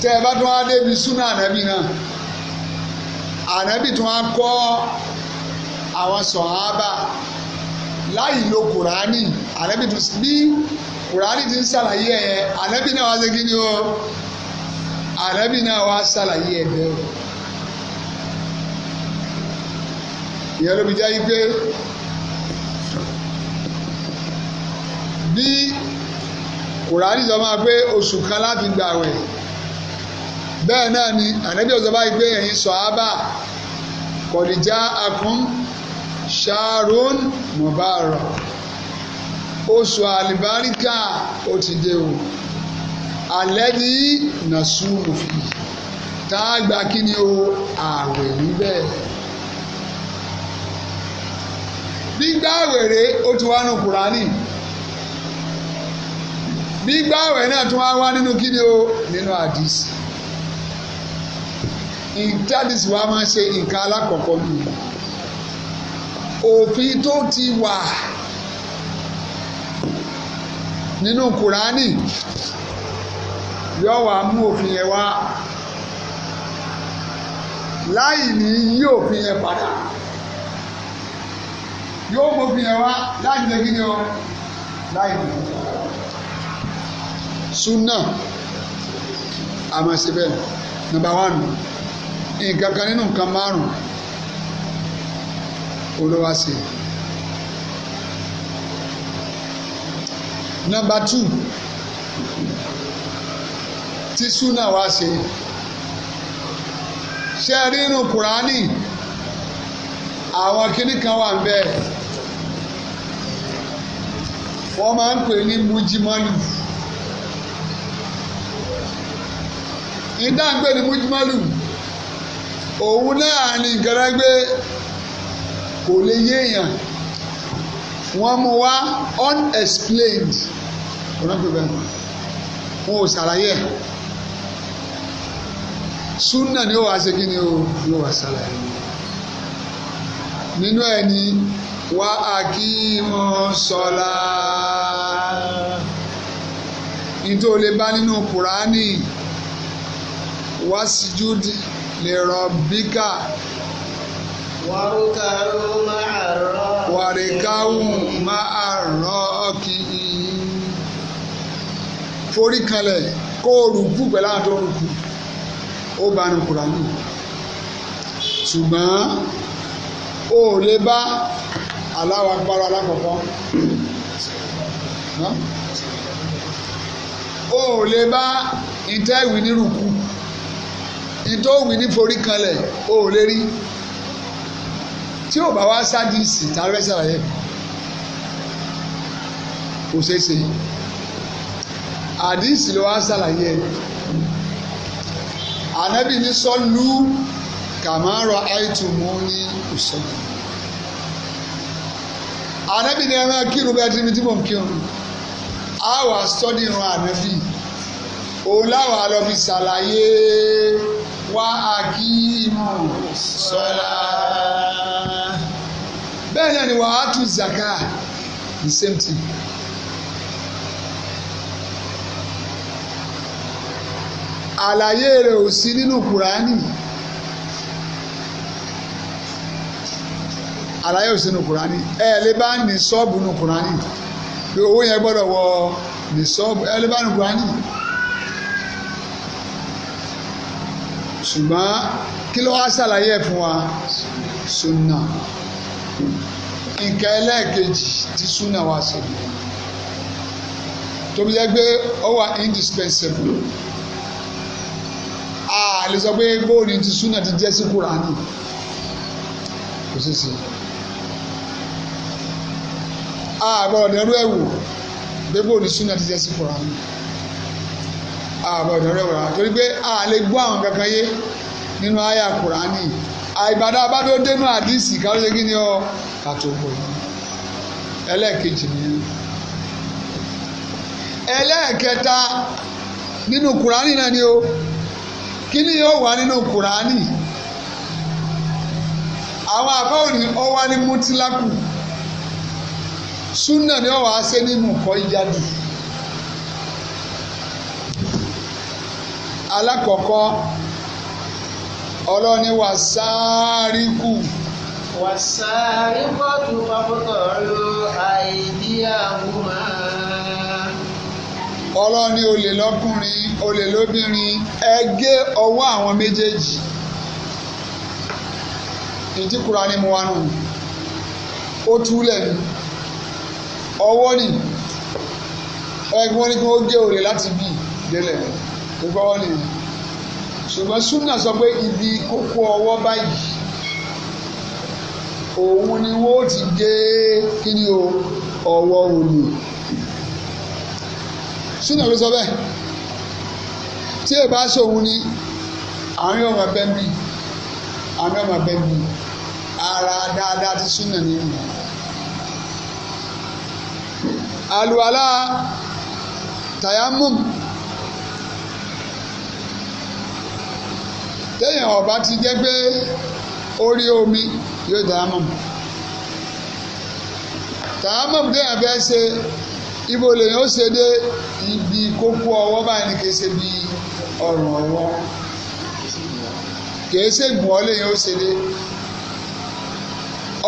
tẹ́ ẹ bá tún wá débi súnà ànábì náà ànábì tún wá kọ́ àwọn sọ̀hábà láì lo kùránì ànábì tún bí kùránì ti ń ṣàlàyé ẹ̀ ànábì náà wá ṣe kíni o àrẹ́bí náà wá ṣàlàyé ẹ̀dẹ́ rẹ̀ ìyẹn ló fi jẹ́ yí pé bí kùránì sọ máa pé oṣù kan láti gbààwẹ̀ bẹ́ẹ̀ náà ni àrẹ́bí ọ̀sán báyìí pé ẹ̀yin sọ̀hábà kọ̀dìjà akún ṣàrún mọ̀bára oṣù àlìbáríkà ó ti dé o alẹ́ ní nàṣúmù fi tá a gba kí ni o ààwẹ̀ níbẹ̀. gbígbà wèrè ó ti wá nù kúránì gbígbà wèrè náà tún wá wá nínú kí ni o nínú àdìsí ìtàdìsí wa máa ń ṣe nǹkan alákọ̀ọ́kọ́ mi òfin tó ti wà nínú kúránì yọ wá mú òfin yẹn wá láì ní yí òfin yẹn padà yóò mú òfin yẹn wá láì ní kí ni o láì ní. sunna àmọ́ síbẹ̀ nọ́mbà nǹkan kan nínú nǹkan márùn-ún olówó àṣẹ. Number two tí súnà wá ṣe ṣe rírun kùránì àwọn kinní kan wà ń bẹ wọ́n máa ń pè ní mujimalu ìdáǹgbé ni mujimalu òun náà ni nǹkan kò lè yéèyàn wọ́n mú wá unexplained wọn ò ṣàlàyé ẹ̀ súnà ni ó wàá ṣe kí ni ó yóò wàá ṣàlàyé nínú ẹ ni wà á kí mo sọlá nítorí o lè bá nínú kùránì wá síjúdì lè rọ bíkà wàríkàwù máa rọ ọkì forí kanlẹ̀ kó o rùkú pẹ̀lú àwọn ó bá nu kùránì ṣùgbọ́n ó lè bá aláwọ̀ agbára alákọ̀ọ́kọ́ ó lè bá ìtẹ́wì nírùkú ìtòwì níforí kanlẹ̀ ó lè rí tí ò bá wá sádìsì tàbí fẹ́ sàlàyé kò ṣeé ṣe àdìsì ló wá sàlàyé ẹ̀ ànábì ní sọ́lú kàmárọ̀ àìtùmú ní ìṣẹ́lẹ̀ ànábì ní ẹ máa kírun bẹ́ẹ̀ tí mi tí mò ń kírun á wà sọ́dí ìran ànábì òun fi ṣàlàyé wá akíìmù sọ́lá bẹ́ẹ̀ náà ni zaka the same thing. àlàyé rẹ̀ ò sí nínú kùránì àlàyé ò sí nínú kùránì ẹ lè bá ní sọ́ọ̀bù nínú kùránì pé owó yẹn gbọ́dọ̀ wọ ní sọ́ọ̀bù ẹ lè bá ní kùránì. ṣùgbọ́n kí ló wá ṣàlàyé ẹ̀ fún wa sunna nǹkan ẹlẹ́ẹ̀kejì tí sunna wa ṣe tóbi jẹ́ pé ó wà indispensable lè sọ pé bóòlù ti súnà ti jẹ́ sí kúránì kò sí sí. a gbọ́dọ̀ dẹ́rú ẹ̀ wò pé bóòlù súnà ti jẹ́ sí kúránì a gbọ́dọ̀ dẹ́rú ẹ̀ wò rà torí pé a lè gbọ́ àwọn kankan yé nínú àyà kúránì àìbàdà abádó dénú àdìsí káwọn ṣe kí ni ọ kàtó bọ̀ yìí ẹlẹ́ẹ̀kejì nìyẹn ẹlẹ́ẹ̀kẹta nínú kùránì náà ni o kíní yóò wà nínú kùránì àwọn àbáwòrán ọ wá ní mútílákù súnà ni ọ wà á ṣe ní mùkọ́ ìjáde. alákọ̀ọ́kọ́ ọlọ́ni wà sáárìkù. wà sáárìkù ọdún pàpọ̀tọ̀ ló àìdíyàwó máa ọlọ́run ní olè lọ́kùnrin olè lóbìnrin ẹ gé ọwọ́ àwọn méjèèjì ìdí Kùránì mu wa nù ó túlẹ̀ ní ọwọ́ ni ẹgbẹ́ wọn ni kí wọ́n gé olè láti bì délẹ̀ gbogbo ọwọ́ ni ṣùgbọ́n súnà sọ pé ibi kókó ọwọ́ báyìí òun ni wọ́n ti gé kí ni o ọwọ́ òní súnà ló sọ bẹ́ẹ̀ tí ẹ bá ṣòwò ni àárín ọmọ ẹgbẹ́ ń bì àárín ọmọ ẹgbẹ́ ń bì ara dáadáa ti súnà nínú àlùwàlá tàyámùm téèyàn ọba ti jẹ́ pé orí omi yóò tàyámùm tàyámùm téèyàn fẹ́ ṣe ibo lèyìn ó ṣe dé ibi kókó ọwọ́ báyìí ni kì í ṣe bí ọrùn ọwọ́ kì í ṣe gùn ọ́ lèyìn ó ṣe dé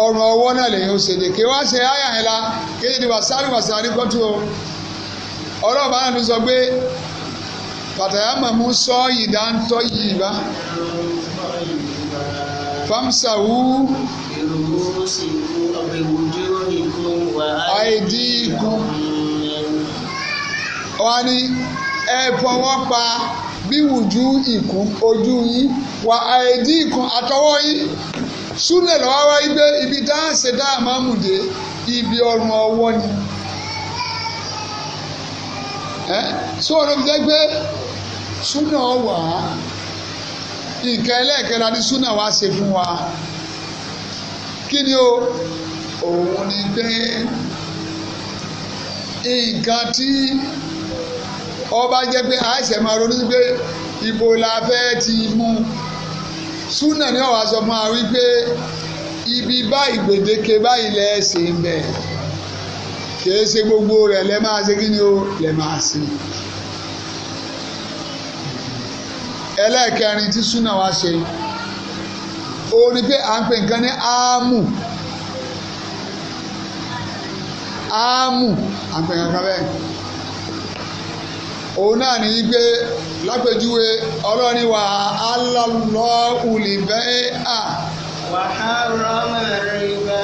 ọrùn ọwọ́ náà lèyìn ó ṣe dé kì í wá ṣe áyà yẹn la kì í ṣe wà sáré wà sáré kọ́tù o ọlọ́ọ̀bá náà ló sọ pé pàtàyà màmú sọ ìdáńtọ́ yìí bá famsawu àìdí ikú wọ́n á ní ẹ fọwọ́ pa bíwùjú ìkún ojú yín wà àìdí ìkún àtọwọ́ yín súnlẹ̀ lọ́wọ́ wáyé gbé ibi tá à ń ṣe dá àmàmù dé ibi ọrùn ọwọ́ ni. sọ wọn ló fi súnà wà á nǹkan ẹlẹ́ẹ̀kẹ́ra ní súnà wá ṣe fún wa kí ni o òun ni pé nǹkan tí ọba jẹ́ pé àìsẹ̀ máa ronú sí pé ibo la fẹ́ ti mú súnà ní ọ̀wá sọ fún wa wípé ibi báyìí gbèdéke báyìí lẹ́ ṣe ń bẹ̀ kìí ṣe gbogbo rẹ̀ lẹ́ máa ṣe kí ni o lẹ́ máa ṣe. ẹlẹ́ẹ̀kẹrin tí súnà wá ṣe ó ní pé à ń pè nǹkan ní áàmù áàmù à ń pè nǹkan bẹ́ẹ̀ òun náà ní í pé lápèjúwe ọlọ́ni wà á lọ́ ulìbẹ́ à. wàhálà rìbá.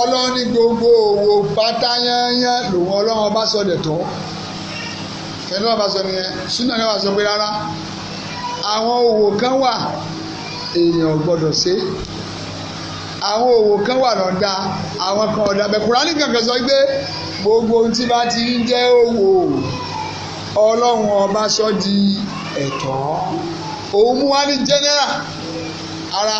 ọlọ́ni gbogbo òwò pátáyányá lòun ọlọ́run bá sọ dẹ̀ tọ́ fẹ́ẹ́ lọ́wọ́ bá sọ nìyẹn sínú àná wà sọ pé rárá àwọn òwò kan wà èèyàn gbọ́dọ̀ ṣe àwọn òwò kan wà lọ́dà àwọn kan ọ̀dà bẹ̀ Kùránì kankan sọ pé gbogbo ohun tí bá ti ń jẹ́ òwò ọlọ́run ọba sọ di ẹ̀tọ́ òun mú wá ní general ara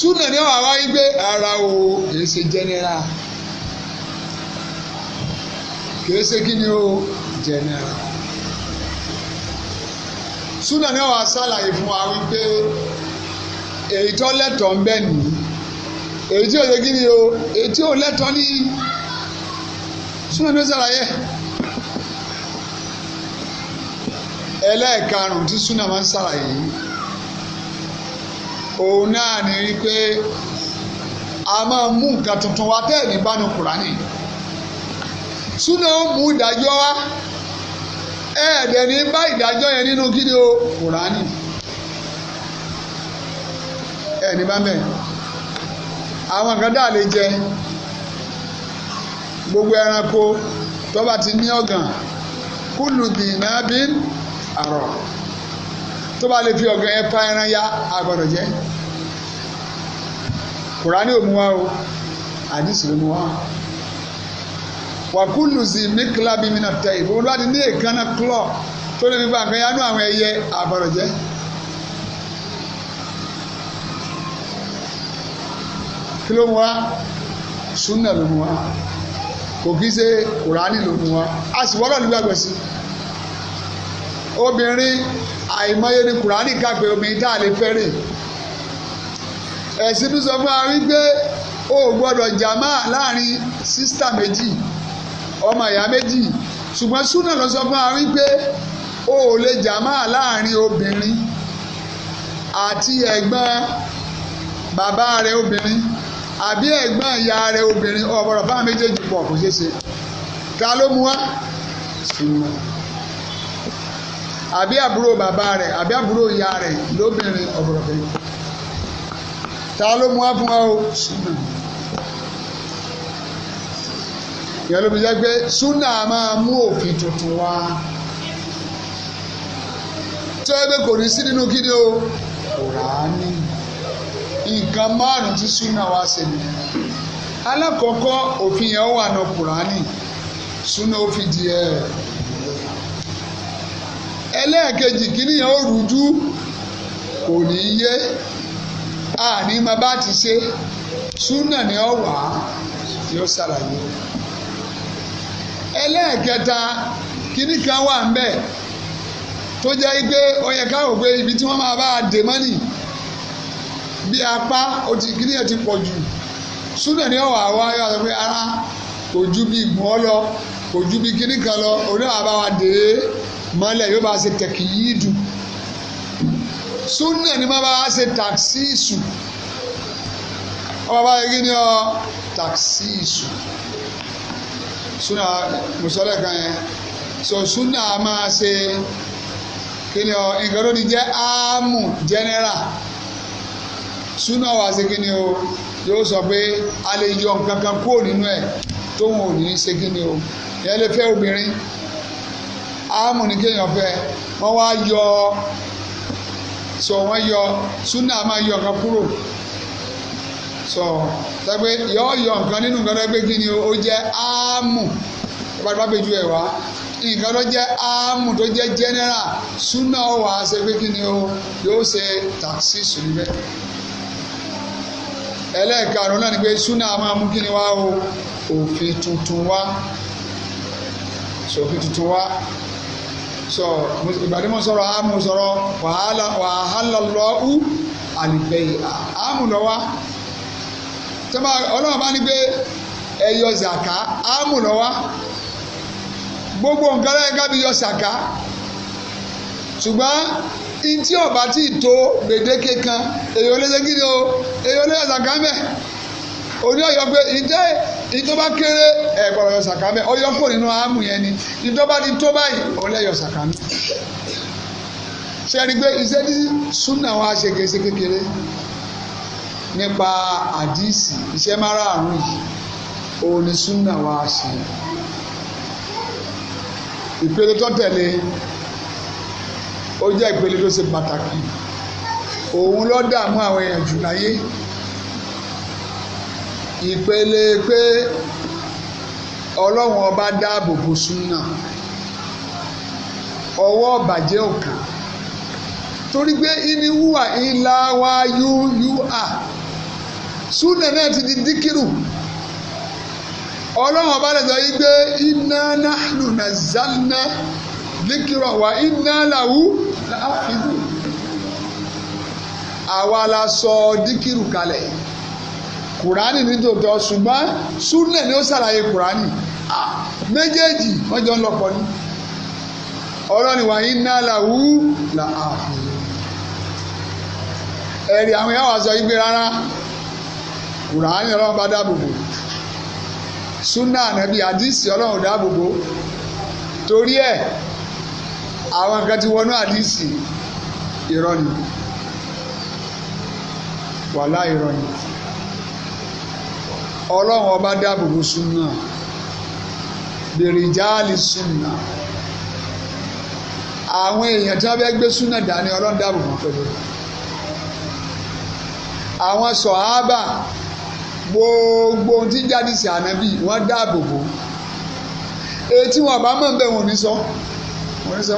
súnà ní ọ̀hún àwa gbé ara o kìí ṣe general kìí ṣe kí ni o general súnà ní ọ̀hún àṣàlàyé fún wa wípé èyí tó lẹ́tọ̀ọ́ ń bẹ nìyí èyí tí ò lè kí ni o èyí tí ò lẹ́tọ̀ọ́ ní súnà ní ọ̀hún àṣàlàyé. ẹlẹ́ẹ̀karùn tí súnà máa ń ṣàlàyé òun náà ni wípé a máa mú nǹkan tuntun wá tẹ́ẹ̀ bánu kùránì súnà ó mú ìdájọ́ ẹ̀ẹ́dẹ̀ ní bá ìdájọ́ yẹn nínú gidi o kùránì ẹni bá mẹ́rin àwọn nǹkan gbogbo ẹranko tó bá ti ní ọ̀gàn kúlù àrọ̀ tó bá lè fi ọ̀gá ẹ pa ẹran ya àgbọ̀dọ̀ jẹ́ kùránì ò mú wa o àdìsí ló mú wa wàkúlù sí míkìlábì mi náà tẹ ìbò wọn láti ní èkánná klọ tó lè fi bá nǹkan yánú àwọn ẹyẹ àgbọ̀dọ̀ jẹ́. kí ló mú wa súnà ló mú wa kò kí ṣe kùránì ló mú wa a sì wọ́n lọ́ọ́ nígbàgbọ́ sí i obìnrin àìmọye ni kùránì kàgbé obìnrin tá a lè fẹ́ rè ẹ̀sìn tún sọ fún wa wípé o ò gbọ́dọ̀ jàmá láàrin sísítà méjì ọmọ ìyá méjì ṣùgbọ́n súnà lọ sọ fún wa wípé o ò lè jàmá láàrin obìnrin àti ẹ̀gbọ́n bàbá rẹ̀ obìnrin àbí ẹ̀gbọ́n ìyá rẹ̀ obìnrin ọ̀bọ̀rọ̀ bá méjèèjì pọ̀ kò ṣeé ṣe ta ló mú wa súnà. àbí àbúrò bàbá rẹ̀ àbí àbúrò ìyá rẹ̀ lóbìnrin ọ̀bọ̀rọ̀ fẹ́ ta ló mú wá fún wa o súnà ìyẹn ló fi jẹ́ pé súnà máa mú òfin tuntun wá tí wọ́n gbé kò ní sí nínú kí ni o kùránì nǹkan márùn-ún tí súnà wá ṣe nìyẹn alákọ̀ọ́kọ́ òfin yẹn wà ní kùránì súnà ó fi di ẹ̀ ẹ̀. ẹlẹ́ẹ̀kejì kí nìyẹn ó rújú kò ní yé àní máa bá ti ṣe súnà ni ó wà á yóò ṣàlàyé ẹlẹ́ẹ̀kẹta kíní kan wà ń bẹ̀ tó jẹ́ pé ó yẹ ká wò pé ibi tí wọ́n máa bá a dè mọ́nì bí apá kíní yẹn ti pọ̀ jù súnà ni ó wà á wá yóò pé ara kò ju bí lọ kò ju kan lọ òun náà bá wa dè mọ́lẹ̀ yóò bá ṣe tẹ̀kìyídù súnà ni má bá ṣe tàksíìsù ọba bá yẹ kí ni ọ tàksíìsù súnà mùsọ̀lẹ̀ kan yẹn so súnà máa ṣe kí ni ọ nǹkan tó ti jẹ́ áàmù general súnà wà ṣe ni o yóò sọ pé a lè yọ nǹkan kan kúrò nínú ò ní ṣe kí ni o ìyẹn lè fẹ́ obìnrin áàmù ní kéèyàn fẹ́ wọ́n wá yọ sọ wọ́n yọ súnà máa yọ nǹkan kúrò sọ tẹ́gbẹ́ yọ yọ nǹkan nínú nǹkan tẹ́gbẹ́ kí ni ó jẹ́ áàmù ìbádọ́bá gbèjú ẹ̀ wá nǹkan tó jẹ́ áàmù tó jẹ́ jẹ́nẹ́rà súnà ó wà á ṣe pé kí ni o yóò ṣe tàksí sùn bẹ́ẹ̀ ẹlẹ́ẹ̀karùn náà ni pé súnà máa mú kí ni wá o òfin tuntun wá sòfin tuntun wá sọ ìgbàdí mo sọ̀rọ̀ àmú sọ̀rọ̀ wàhálà lọ́wọ́ àlùbẹ́yì àmú lọ́wọ́ tẹ́lẹ̀ ọlọ́run bá ní pé ẹ̀yọ zàká àmú lọ́wọ́ gbogbo nǹkan lẹ́yìn kábí yọ zàká ṣùgbọ́n ntí ọba tí tó gbèdéke kan èyí ò lè ṣe kí ni o èyí ò lè yọ zàká mẹ́ òní ọ̀yọ́ pé ǹjẹ́ ìtọ́ba kéré ẹ̀ gbọ́dọ̀ yọ sàkà mẹ́ ọ yọkùn nínú àmù yẹn ni ìtọ́ba ti tó báyìí ọ lẹ́ yọ sàkà mẹ́. sẹ́ni pé iṣẹ́ tí súnà wa ṣe kéṣe kékeré nípa àdìsí iṣẹ́ márààrún yìí òun ni súnà wa ṣe. ìpele tó tẹ̀lé ó jẹ́ ìpele tó ṣe pàtàkì òun ló dààmú àwọn èèyàn jù láyé. ìpele pé ọlọ́run ọba dáàbò bo súnà ọwọ́ bàjẹ́ ọ̀kan torí pé ìní wúwà ìlà wa yú yú à náà ti di díkìrù ọlọ́run ọba lè sọ iná náà nù nà díkìrù wa iná làwù láàfin la sọ díkìrù kalẹ̀. kùránì ní tòótọ́ ṣùgbọ́n súnà ni ó ṣàlàyé kùránì méjèèjì wọ́n jọ ń lọ́pọ̀ ní ọlọ́ni wa iná làwú là áàfin ẹ̀rí àwọn yàrá wa sọ yìí pé rárá kùránì ọlọ́run bá dáàbòbò súnà ànábì àdìsí ọlọ́run dáàbòbò torí ẹ̀ àwọn kan ti wọnú àdìsí irọ́ wàhálà irọ́ ọlọ́run ọba dáàbò bo súnà bèrèjáàlì súnà àwọn èèyàn tí wọ́n fẹ́ gbé súnà dání ọlọ́run dáàbò wọn pẹ̀lú àwọn sọ̀hábà gbogbo ohun tí jáde sí ànábì wọ́n dáàbò bò etí wọn bá mọ̀ bẹ́ẹ̀ wọn ò ní sọ wọn ò ní sọ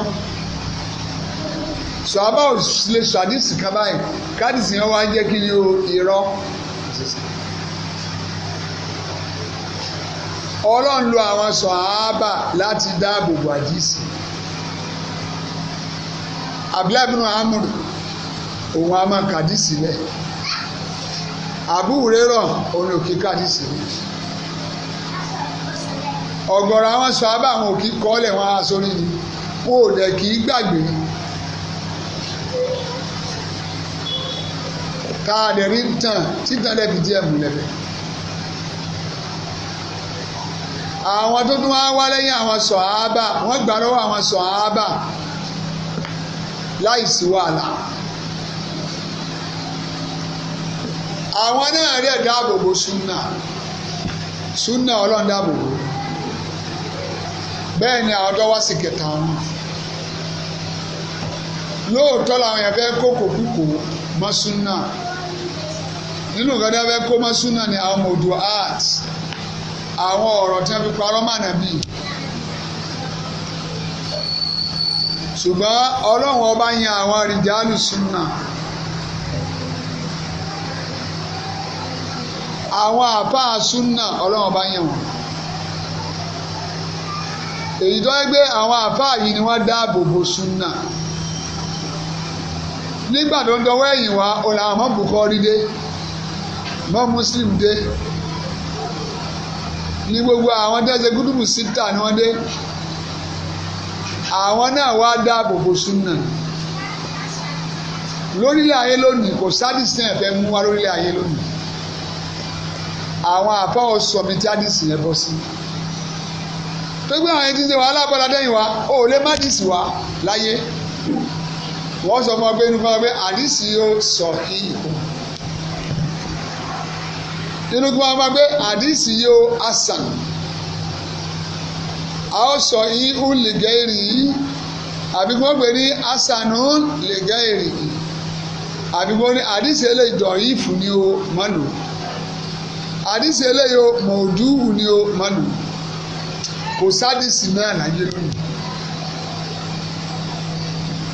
sọ̀hábà ò lè sọ àdìsí kan báyìí kádìsí yẹn wá jẹ́ kí ni o irọ́ òṣèṣe. ọlọ́run lo àwọn sọ̀háábà láti dáàbò bò àdìsí abdullahi bin amr òun a máa kàdísì lẹ àbúrérọ òun ò kí kàdísì lẹ ọ̀gọ̀rọ̀ àwọn sọ̀hábà àwọn òkí kọ́lẹ̀ wọn aṣọ́rí ni wọn o dẹ̀ kí gbàgbé tá a dẹ̀ rí tàn títàn lẹ́bi díẹ̀ mú lẹ́bẹ̀ẹ́. àwọn tó tún wá lẹ́yìn àwọn sọ wọ́n gbà lọ́wọ́ àwọn sọ láì sí wàhálà. àwọn náà rẹ̀ dáàbòbò súnà súnà ọlọ́run bụ bẹ́ẹ̀ ni àwọn tó wá sí kẹta wọn lóòótọ́ làwọn yẹn fẹ́ kó kòkúkò mọ́ súnà nínú nǹkan fẹ́ kó art. àwọn ọ̀rọ̀ tí wọ́n fi parọ́ mọ́ ànábì ṣùgbọ́n ọlọ́run ọba yan àwọn rìjálù súnà àwọn àfáà súnà ọlọ́run ọba yan wọn èyí tó gbé àwọn àfáà yìí ni wọ́n dáàbò bo súnà nígbà tó ń dọwọ́ ẹ̀yìn wá ọ̀là bùkọ́ rí dé mọ́ Muslim dé ní gbogbo àwọn tó ń gúdùbù síta ni wọ́n dé àwọn náà wá dáàbò bò súnà lórílẹ̀ ayé lónìí kò sádìsì náà fẹ́ mú wá lórílẹ̀ ayé lónìí àwọn àfọwọ́ sọ mi tí àdìsì yẹn bọ́ sí tó gbé àwọn ẹni tí ń ṣe wàhálà padà dẹ́yìn wa ó lè má dìsì láyé wọ́n sọ fún ọ inú fún ọ àdìsì yóò sọ kí ìkùn nínú kí wọ́n máa gbé àdìsí yìí ó àṣàn a ó sọ ihu lìgẹ́rì yìí àbí kí wọ́n pè ní àṣànù lìgẹ́rì yìí àbí kí wọ́n ní àdìsí eléyìí dọ̀yìn fún ni ó mọ́lù àdìsí eléyìí ó mọ̀ọ́dúnwù ni ó mọ́lù kò sádìsí náà láyé lónìí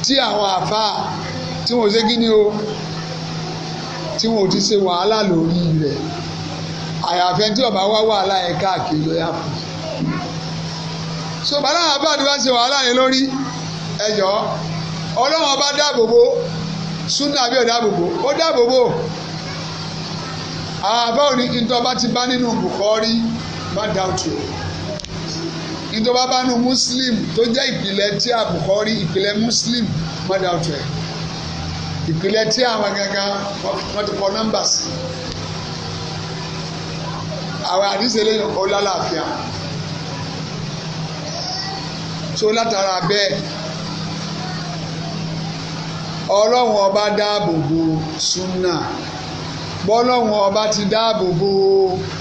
tí àwọn àfáà tí wọn ò ṣe kí ni o tí wọn ò ti ṣe wàhálà lórí rẹ̀ àyàfẹ́ tí ọba wá wàhálà yẹn káàkiri ló yà fún so bàbá àbá tí wọ́n ṣe wàhálà yẹn lórí ẹjọ́ ọlọ́run ọba dáàbòbò súnà bí ò dáàbòbò ó dáàbòbò àbá òní ìtọ́ba ti bá nínú Bukhari má dáùtù ìtọ́ba bá nínú Muslim tó jẹ́ ìpìlẹ̀ tí a Bukhari ìpìlẹ̀ Muslim má dáùtù ẹ̀ ìpìlẹ̀ tí àwọn gangan wọ́n ti kọ́ nọ́mbà sí i àwọn àdìsí eléyìí ó so látara bẹ́ẹ̀ ọlọ́run ọba dáàbò bo súnà bọ́lọ́run ọba ti dáàbò bo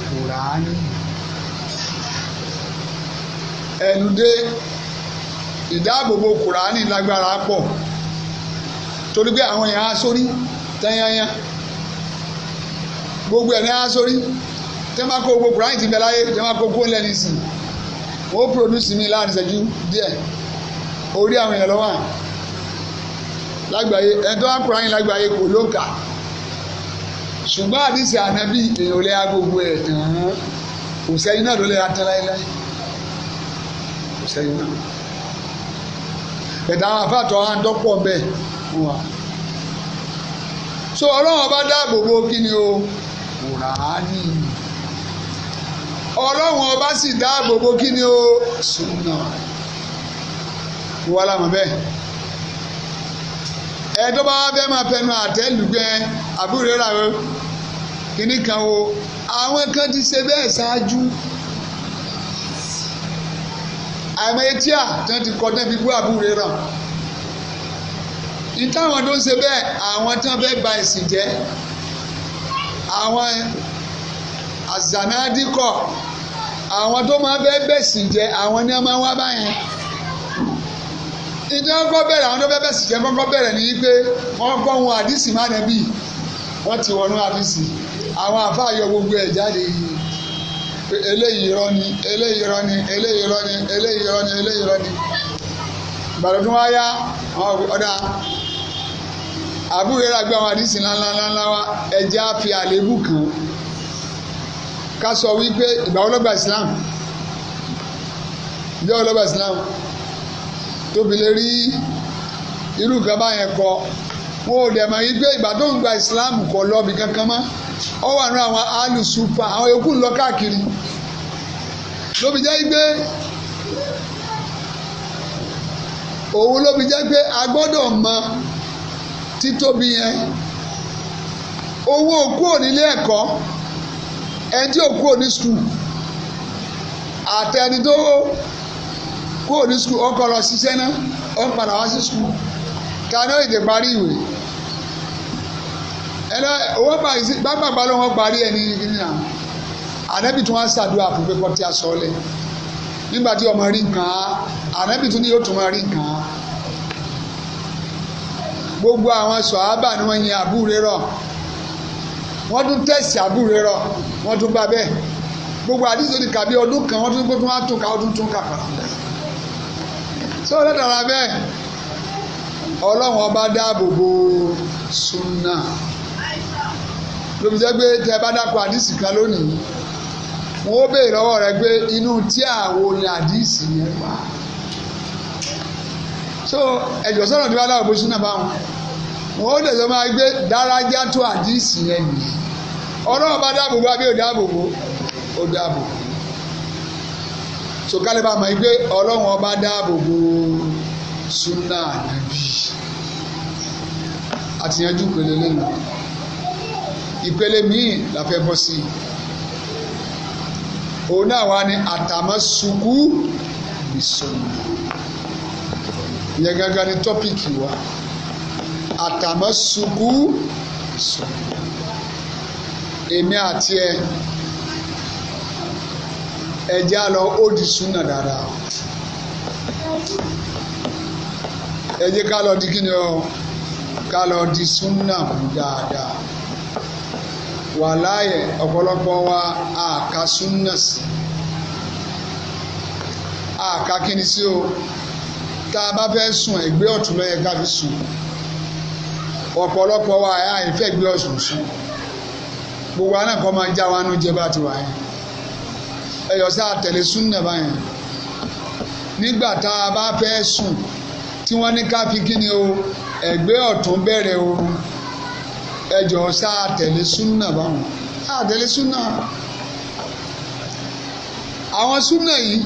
kùránì ẹnu dé ìdáàbòbò kùránì lágbára pọ̀ torí pé àwọn èèyàn á sórí tẹ́yányá gbogbo ẹ̀ ní á sórí tẹ́ máa kó gbogbo kùráyìn ti bẹ láyé tẹ́ máa kó kó ńlẹ̀ ní sìn produce mi láàrin ìṣẹ́jú díẹ̀ orí àwọn èèyàn lọ́wọ́ lágbàáyé ẹni tó wá kùráyìn lágbàáyé kò ló kà ṣùgbọ́n àdìsí ànábì èèyàn ò lè ha gbogbo ẹ̀ tán kò sẹ́yìn náà ló lè ha tán láéláé kò sẹ́yìn náà ẹ̀dá àwọn afáàtọ̀ á dọ́pọ̀ bẹ́ẹ̀ wà. so ọlọ́run ọba dáàbò bo kí ni o kùráyìn ọlọ́run ọba sì dáàbò bo kí ni o sunna wọ́n làwọn bẹ́ẹ̀ ẹ̀ẹ́dọ́ bá bẹ́ẹ̀ máa fẹnu àtẹ́lùgbẹ́ àbúrò rà o kìnnì kan o àwọn kan ti ṣe bẹ́ẹ̀ ṣáájú àìmọye tíà tí wọ́n ti kọ́ tẹ́ fi gbọ́ àbúrò rà ìtàwọn tó ń ṣe bẹ́ẹ̀ àwọn tí wọ́n fẹ́ gba ìsìn jẹ́ àwọn àzànádìkọ̀ àwọn tó máa fẹ́ bẹ̀sìn jẹ àwọn ni wọ́n máa wá báyẹn ìdí wọn kọ́ bẹ̀rẹ̀ àwọn tó fẹ́ bẹ̀sìn jẹ kọ́kọ́ bẹ̀rẹ̀ ní pé wọ́n kọ́ wọn àdìsí má nẹ́bí wọ́n ti wọnú àdìsí àwọn àfa yọ gbogbo ẹ̀ jáde eléyìí irọ́ ni eléyìí irọ́ ni eléyìí irọ́ ni eléyìí irọ́ ni eléyìí irọ́ ni ìbàdàn tó wá yá ọ̀dà àbúrò gbé àwọn àdìsí ńláńláńlá wa ẹ̀jẹ̀ á fi àléébù kàn ká sọ wípé ìgbà wọn Islam ìjọ wọn Islam tóbi lè rí irú nǹkan báyẹn kọ wọn ò dẹ̀ mọ̀ gba Islam kọ lọ́ọ̀bì kankan mọ́ ọ wà nínú àwọn alùsùpà àwọn yòókù lọ káàkiri lóbi jẹ́ wípé òun lóbi jẹ́ pé a mọ títóbi yẹn owó ẹni tí ò kúrò ní skul àtẹni tó kúrò ní skul ọkọ lọ ṣiṣẹ́ náà ó ń padà wá sí skul ká ní òyìnbó parí ìwé ẹnlẹ owó bàbá bá lọ́wọ́ parí ẹni kìíní náà ànábì tún wá ṣàdúrà fún pé kọ́tí aṣọ lẹ̀ nígbà tí ọmọ rí nǹkan á ànábì tún ní yóò tún máa rí nǹkan á gbogbo àwọn sọ̀hábà ni wọ́n yin àbúrérọ̀ wọ́n tún tẹ̀sí àbúrò rọ wọ́n tún bá bẹ́ẹ̀ gbogbo àdìsí ti kà bí ọdún kan wọ́n tún gbé tí wọ́n á tún ká ọdún tún kà padà bẹ́ẹ̀. sọ lẹ́tàrà bẹ́ẹ̀ ọlọ́run ọba dáàbò bo sunna lóbi jẹ́ pé tẹ́ bá dákọ̀ àdìsí kan lónìí wọ́n ó béèrè lọ́wọ́ rẹ pé inú tí àwo ni àdìsí yẹn wà. so ẹ̀jọ̀ sọ̀rọ̀ tí wọ́n dáàbò bo sunna báwọn wọn ó dẹ̀ sọ máa gbé dáradá tó àdìsí yẹn nìyí ọlọ́run bá dáàbò bò àbí ò dáàbò bò ó dáàbò bò sọkalẹ̀ bá mọ̀ yìí ọlọ́run ọba dáàbò súnà ànábì àtìyànjú ìpele lẹ́nu ìpele míì la fẹ́ bọ́ sí òun náà wà ní àtàmọ́ sukú ìyẹn gangan ni tọ́pìkì wa àtàmọ́sukú èmi àti ẹ ẹjẹ́ á lọ ódì súnà dáadáa ẹjẹ́ ká lọ di kí ni ọ ká lọ di súnà mú dáadáa wàláyé ọ̀pọ̀lọpọ̀ wa àka súnà sí àka kí ni sí o tá a bá fẹ́ sùn ẹ̀gbẹ́ ọ̀tún ló yẹ ká fi sùn ọ̀pọ̀lọpọ̀ wa à ń fẹ́ gbé Ọ̀ṣun sí gbogbo aná kan máa já wa nu jẹ bá ti wà yẹn ẹyọ sá àtẹ̀lé súnà báyẹn nígbà tá a bá fẹ́ sùn tí wọ́n ní ká fi kí ni o ẹ̀gbẹ́ ọ̀tún bẹ̀rẹ̀ oorun ẹjọ sá àtẹ̀lé súnà báwọn àtẹ̀lé súnà àwọn súnà yìí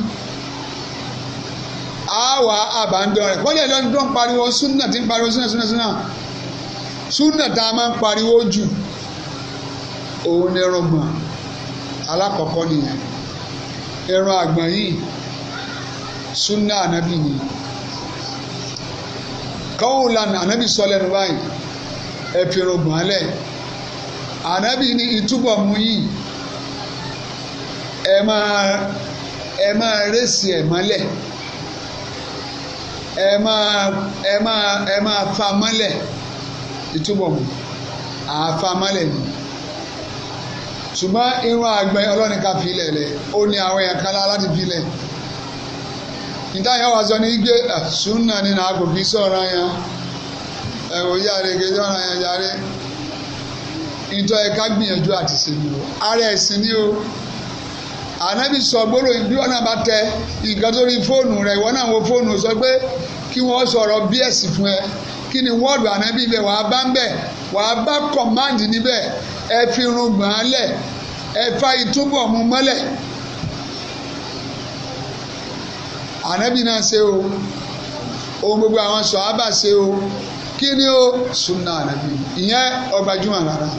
á wà abandon rẹ̀ kọ́lé lọ́dún tó ń pariwo súnà tí ń pariwo súnà súnà súnà. súnà súnà tá a máa ń pariwo jù òun ni rọgbọ̀n alákọ̀ọ́kọ́ nìyẹn ẹran àgbọ̀n yìí súnà ànábì ni kọ́wùlan ànábì sọ lẹ́nu báyìí ẹ fi rọgbọ̀n alẹ́ ànábì ni ìtúbọ̀ mú yìí ẹ máa ẹ máa rẹ́sì ẹ̀ mọ́lẹ̀ ẹ máa ẹ máa ẹ máa fa mọ́lẹ̀. ìtumọ̀ àfamálẹ̀ ni ṣùgbọ́n irun àgbẹ̀ ọlọ́ni ká fi ilẹ̀ lẹ̀ ó ní àwọn èèyàn kan láti fi ilẹ̀ níta yẹn wá sọ ní gbé sunna nínú àgbò kì í sọ̀rọ̀ yẹn ẹ̀rọ yára kì sọ̀rọ̀ yẹn yára gbìyànjú àti sinmi ni o ànábì sọ gbóló wọn náà bá tẹ fóònù rẹ ìwọ náà fóònù sọ pé kí kí ni wọ́ọ̀dù ànábì bẹ̀ wàá bá ń bẹ̀ wàá bá kọ̀máǹdì níbẹ̀ ẹ fi irun gbọ̀n án lẹ̀ ẹ fa ìtúbọ̀ mu mọ́lẹ̀ ànábì náà ṣe o ohun gbogbo àwọn sọ̀hábà ṣe o kí ni o sunna ànábì ìyẹn ọgbàjúmọ̀ rárá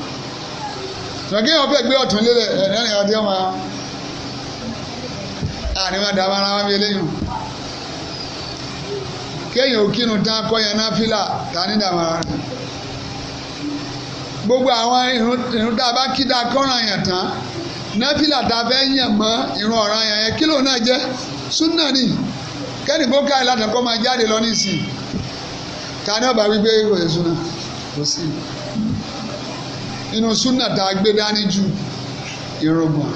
tùmọ̀kí yẹn wọ́n fẹ́ gbé ọ̀tún lélẹ̀ ẹ̀ ní ọ̀nà ìyàtí ọmọ àníwọ̀n dàbára wọn bí eléyìí. kéèyàn ò kírun tán kọ́ yẹn ta ní gbogbo àwọn irun tá a bá kí tá a yẹn tán náfìlà fẹ́ mọ́ irun ọ̀ràn yẹn yẹn kílò náà jẹ́ súnà ni kẹ́ni kó káyì látàn máa jáde lọ nísìnyí ta ní ọba wípé kò sí kò sí inú súnà tá a gbé dání ju irun gbọ̀n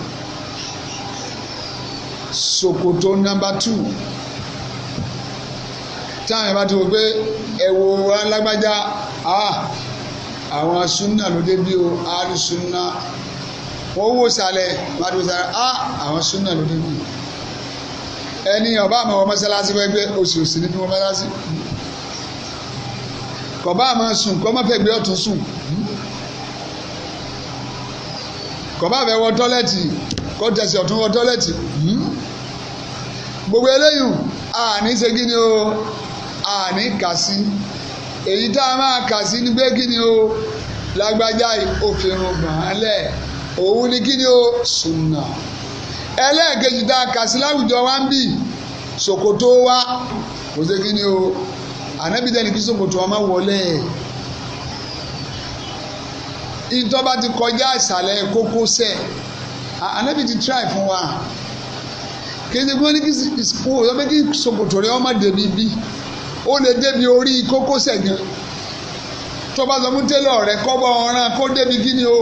two. táwọn yẹn bá ti wò pé ẹ̀wò alágbájá àwọn sunna ló dé bí o àlù sunna wọ́n wò sálẹ̀ bá ti wò sálẹ̀ àwọn sunna ló dé bí o ẹni ọba àmọ́ wọn mọ́sálásí fẹ́ gbé oṣù òsì níbi wọn mọ́sálásí kọba àmọ́ sùn kọ́mọ́ fẹ́ gbé ọ̀tún sùn kọba àfẹ́ wọ tọ́lẹ́tì kọ́ tẹ̀sí ọ̀tún wọ tọ́lẹ́tì gbogbo eléyìí àní ṣe kí ni o àní kà sí èyí tá a máa kà sí ni pé kí ni o lágbájá òfìrun gbàǹlẹ̀ òun ni kí ni o sùnà ẹlẹ́ẹ̀kejì tá a kà láwùjọ wa ń bì ṣòkòtò wa kò sí kí ni o ànábìdẹ́ni kí ṣòkòtò wa máa wọlé ẹ̀ ìtọ́ba ti kọjá ìsàlẹ̀ kókósẹ̀ anabi ti try fún wa kí ni gbọ́dọ̀ kí sọ́kòtò rẹ̀ ọmọ dèbí bí ó lè débi orí kókósẹ̀ gan tó bá sọ fún télọ̀ rẹ̀ kọ́bọ̀ ọ̀ràn kó débi o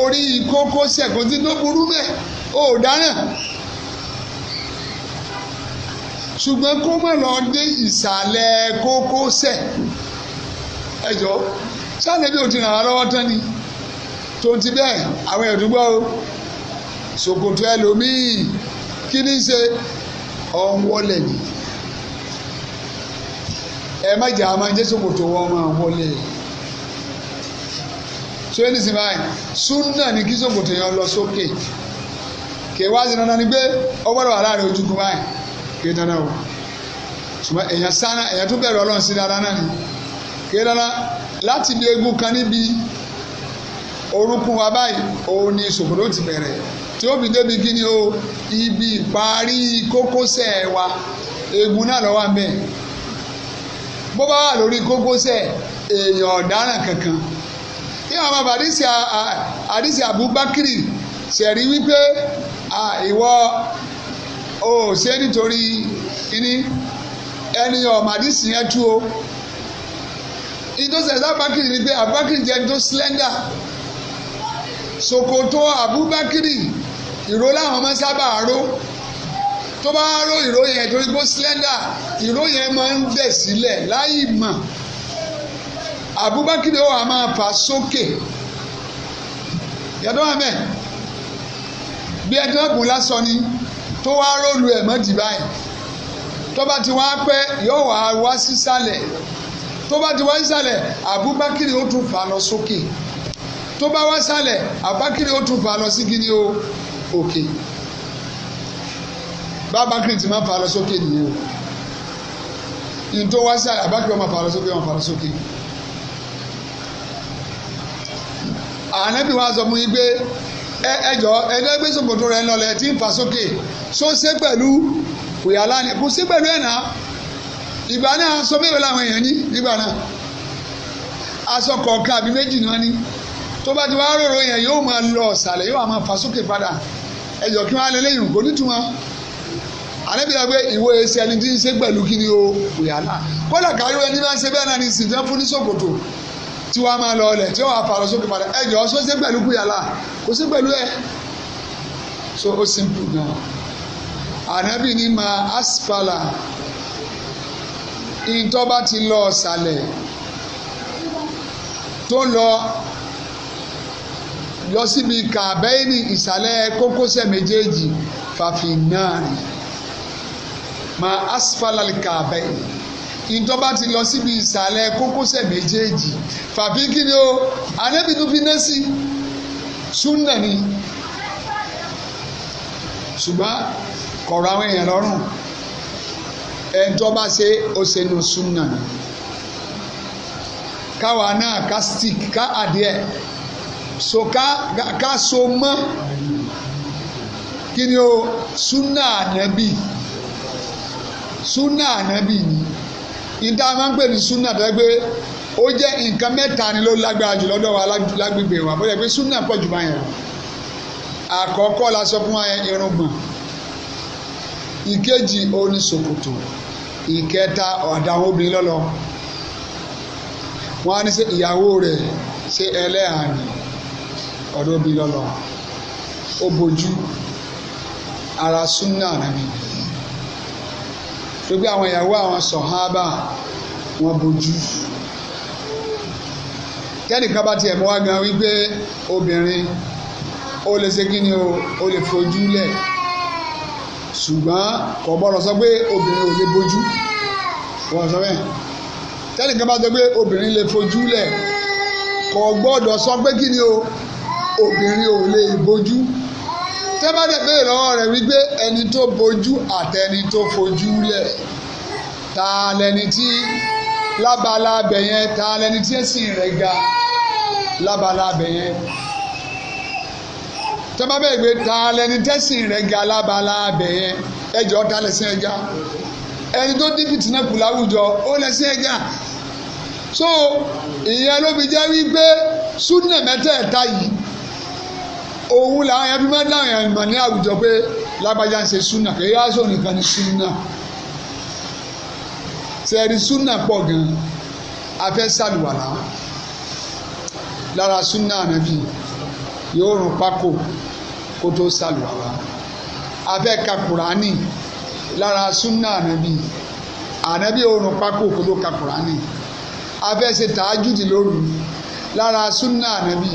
orí kókósẹ̀ kò sí tó burú bẹ́ẹ̀ ó dáná ṣùgbọ́n kó má lọ dé ìsàlẹ̀ kókósẹ̀ ẹ̀jọ́ sáàlẹ̀ bí o ti ràn wá lọ́wọ́ tán ni tó ti bẹ́ẹ̀ àwọn ẹ̀dúgbọ́ o ṣòkòtò ẹlòmíì kí ni ṣe wọlé nìyí. ẹ má jà á máa jẹ́ ṣòkòtò wọn máa wọlé so ẹni sìn báyìí súnà ni kí ṣòkòtò yẹn lọ sókè kèwá sí dandan ni pé ó gbọ́dọ̀ wà láàrin ojúkun báyìí kí dandan o ṣùgbọ́n èèyàn sáná èèyàn tún bẹ̀rù ọlọ́run sí dandan náà ni kí dandan láti di egun kan níbi orúnkún wa báyìí òun ni ṣòkòtò ti bẹ̀rẹ̀ tí ó fi débi kí ni o ibi ìparí kókósẹ̀ wa egun náà ló wà ń bó bá wà lórí kókósẹ̀ èèyàn ọ̀daràn kankan kí wọn máa bàdísì àdísì Abubakiri sẹ̀rí wípé ìwọ ò ṣe nítorí kíní ẹni ọ̀mà àdísì yẹn tú o ìtòsẹ̀ sábàkiri ni pé Abubakiri jẹ́ tó slender ṣòkòtò Abubakiri ìró làwọn máa sábà ró tó bá ró ìròyìn ẹ̀ torí gbó sílẹ́ndà ìròyìn ẹ̀ máa ń bẹ̀ sílẹ̀ láì mọ̀ Abubakar ó wà máa fà sókè yàtọ̀ àmẹ́ bí ẹjọ́ bùn lásán ni tó wá rólu ẹ̀ mọ́ dì báyìí tó bá ti wá pẹ́ yóò wá wá sísàlẹ̀ tó bá ti wá sísàlẹ̀ Abubakar ó tún fà lọ sókè tó bá wá sálẹ̀ Abubakar ó tún fà lọ sí gidi òkè. Okay. bábàkìrì ti máa fa lọ sókè nìyẹn o ìtò wá sí àbákìrì sókè wọn fa sókè. ànábì wa sọ mu igbe pé ẹ ẹ jọ ẹ dẹ́gbẹ́ sòkòtò rẹ fa sókè só ṣe pẹ̀lú òyàlá ni kò sí pẹ̀lú ẹ̀ náà ìgbà náà aṣọ èèyàn ní nígbà náà aṣọ kọ̀ọ̀kan méjì náà ní tó rorò yẹn yóò máa lọ ọ̀sàlẹ̀ yóò máa fà sókè padà kí àlẹ́bí yà pé ìwé ẹsẹ̀ ẹni tí ń ṣe pẹ̀lú kí ni o ìyàlá kódà káyọ̀ ẹni máa ń ṣe bẹ́ẹ̀ náà ni sìnjẹ́ fún ní ṣòkòtò tí wàá máa lọ ọlẹ̀ tí wàá fàrọ̀ sókè padà ẹ jọ ṣó ṣe pẹ̀lú kúyàlá kò sí pẹ̀lú ẹ so ó simple gan ànábì ni máa asfala ìtọ́ba ti lọ ọ̀sàlẹ̀ tó lọ lọ síbi kàbẹ́ẹ̀nì ìsàlẹ̀ kókósẹ̀ méjèèjì fàfin náà ma asfalal kàbẹ́ ìjọba ti lọ síbi ìsàlẹ̀ kókósẹ̀ méjèèjì fàbí kí ni o ànábì tún fi ná sí súnà ni ṣùgbọ́n kọ̀rọ̀ àwọn èèyàn lọ́rùn ẹ̀ńtọ́ba ṣe ó ṣe nu súnà ni káwa náà ká stick ká adìẹ so ká ká so mọ́ kí ni o súnà ànábì súnà ànábì ni níta máa ń pè ní súnà tó yẹ pé ó jẹ́ nǹkan mẹ́ta ni ló lágbára jù lọ́dọ̀ wa lágbègbè wa bó yẹ pé súnà pọ̀ jù báyìí lọ àkọ́kọ́ la sọ fún wa irùngbọ̀n ìkejì òní ṣòkòtò ìkẹta ọ̀dàwọ̀ obìnrin lọ́lọ́ wọn á ní ṣe ìyàwó rẹ̀ ṣe ẹlẹ́hàní ọ̀dọ̀ obìnrin lọ́lọ́ ó bojú ara súnà nàbí tó gbé àwọn ìyàwó àwọn sọ̀hábà wọn bojú tẹ́nìkan bá tiẹ̀ mú wá gan wípé obìnrin ó lè ṣe kí ni o ó lè fojú lẹ̀ ṣùgbọ́n kò gbọ́dọ̀ sọ pé obìnrin ò lè bojú wọ́n sọ bẹ́ẹ̀ tẹ́nìkan bá sọ pé obìnrin lè fojú lẹ̀ kò gbọ́dọ̀ sọ pé kí ni o obìnrin ò lè bojú tẹ́bá dẹ̀ béèrè lọ́wọ́ rẹ̀ wípé ẹni tó bojú àtẹni tó fojú lẹ̀ ta lẹni tí lábala abẹ yẹn ta lẹni tí ẹ̀sìn rẹ̀ ga lábala abẹ yẹn tẹ́bá bẹ́ẹ̀ gbé ta lẹni tẹ́sìn rẹ̀ ga lábala yẹn ẹjọ́ ta lẹ̀sìn rẹ̀ ga ẹni tó dín fìtínà kù láwùjọ ó lẹ̀sìn rẹ̀ ga so ìyẹn ló fi jẹ́ wípé súnà mẹ́tẹ̀ẹ̀ta yìí òun là yẹn fi máa ń dáhùn yẹn mọ̀ ní àwùjọ pé lágbájá ń ṣe súnà kì í yá sóun nìkan ní súnà sẹ́ẹ̀rì súnà pọ̀ gan-an afẹ́ sàlùwàlà lára súnà ànábì yóò rún pákó kó tó sàlùwàlà afẹ́ ka kùránì lára súnà ànábì ànábì yóò rún pákó kó tó ka kùránì afẹ́ ṣe tàájùdì lóru lára súnà ànábì.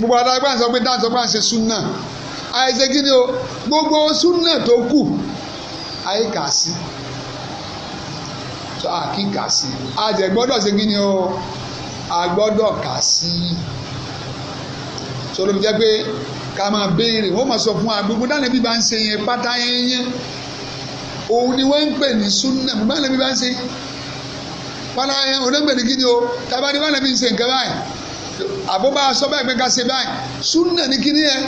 gbogbo adágbà ń sọ pé dáhùn sọ pé à ń ṣe súnà àìṣe kí ni o gbogbo súnà tó kù àyè kà sí tó àkí kà sí àjẹ gbọ́dọ̀ ṣe kí ni o àgbọ́dọ̀ kà sí tó ló fi pé ká máa béèrè wọ́n máa sọ fún wa gbogbo dáhùn ẹbí bá ń ṣe yẹn pátá yẹn yẹn òun ni wọ́n ń pè ní súnà gbogbo dáhùn ẹbí bá ń ṣe pátá yẹn òun ló ń pè ní kí ni o tábàdí wọ́n lè fi ń ṣe nǹkan báyìí àbúbá aṣọ bẹ́ẹ̀ pé ká ṣe báyìí súnà ní kíní yẹn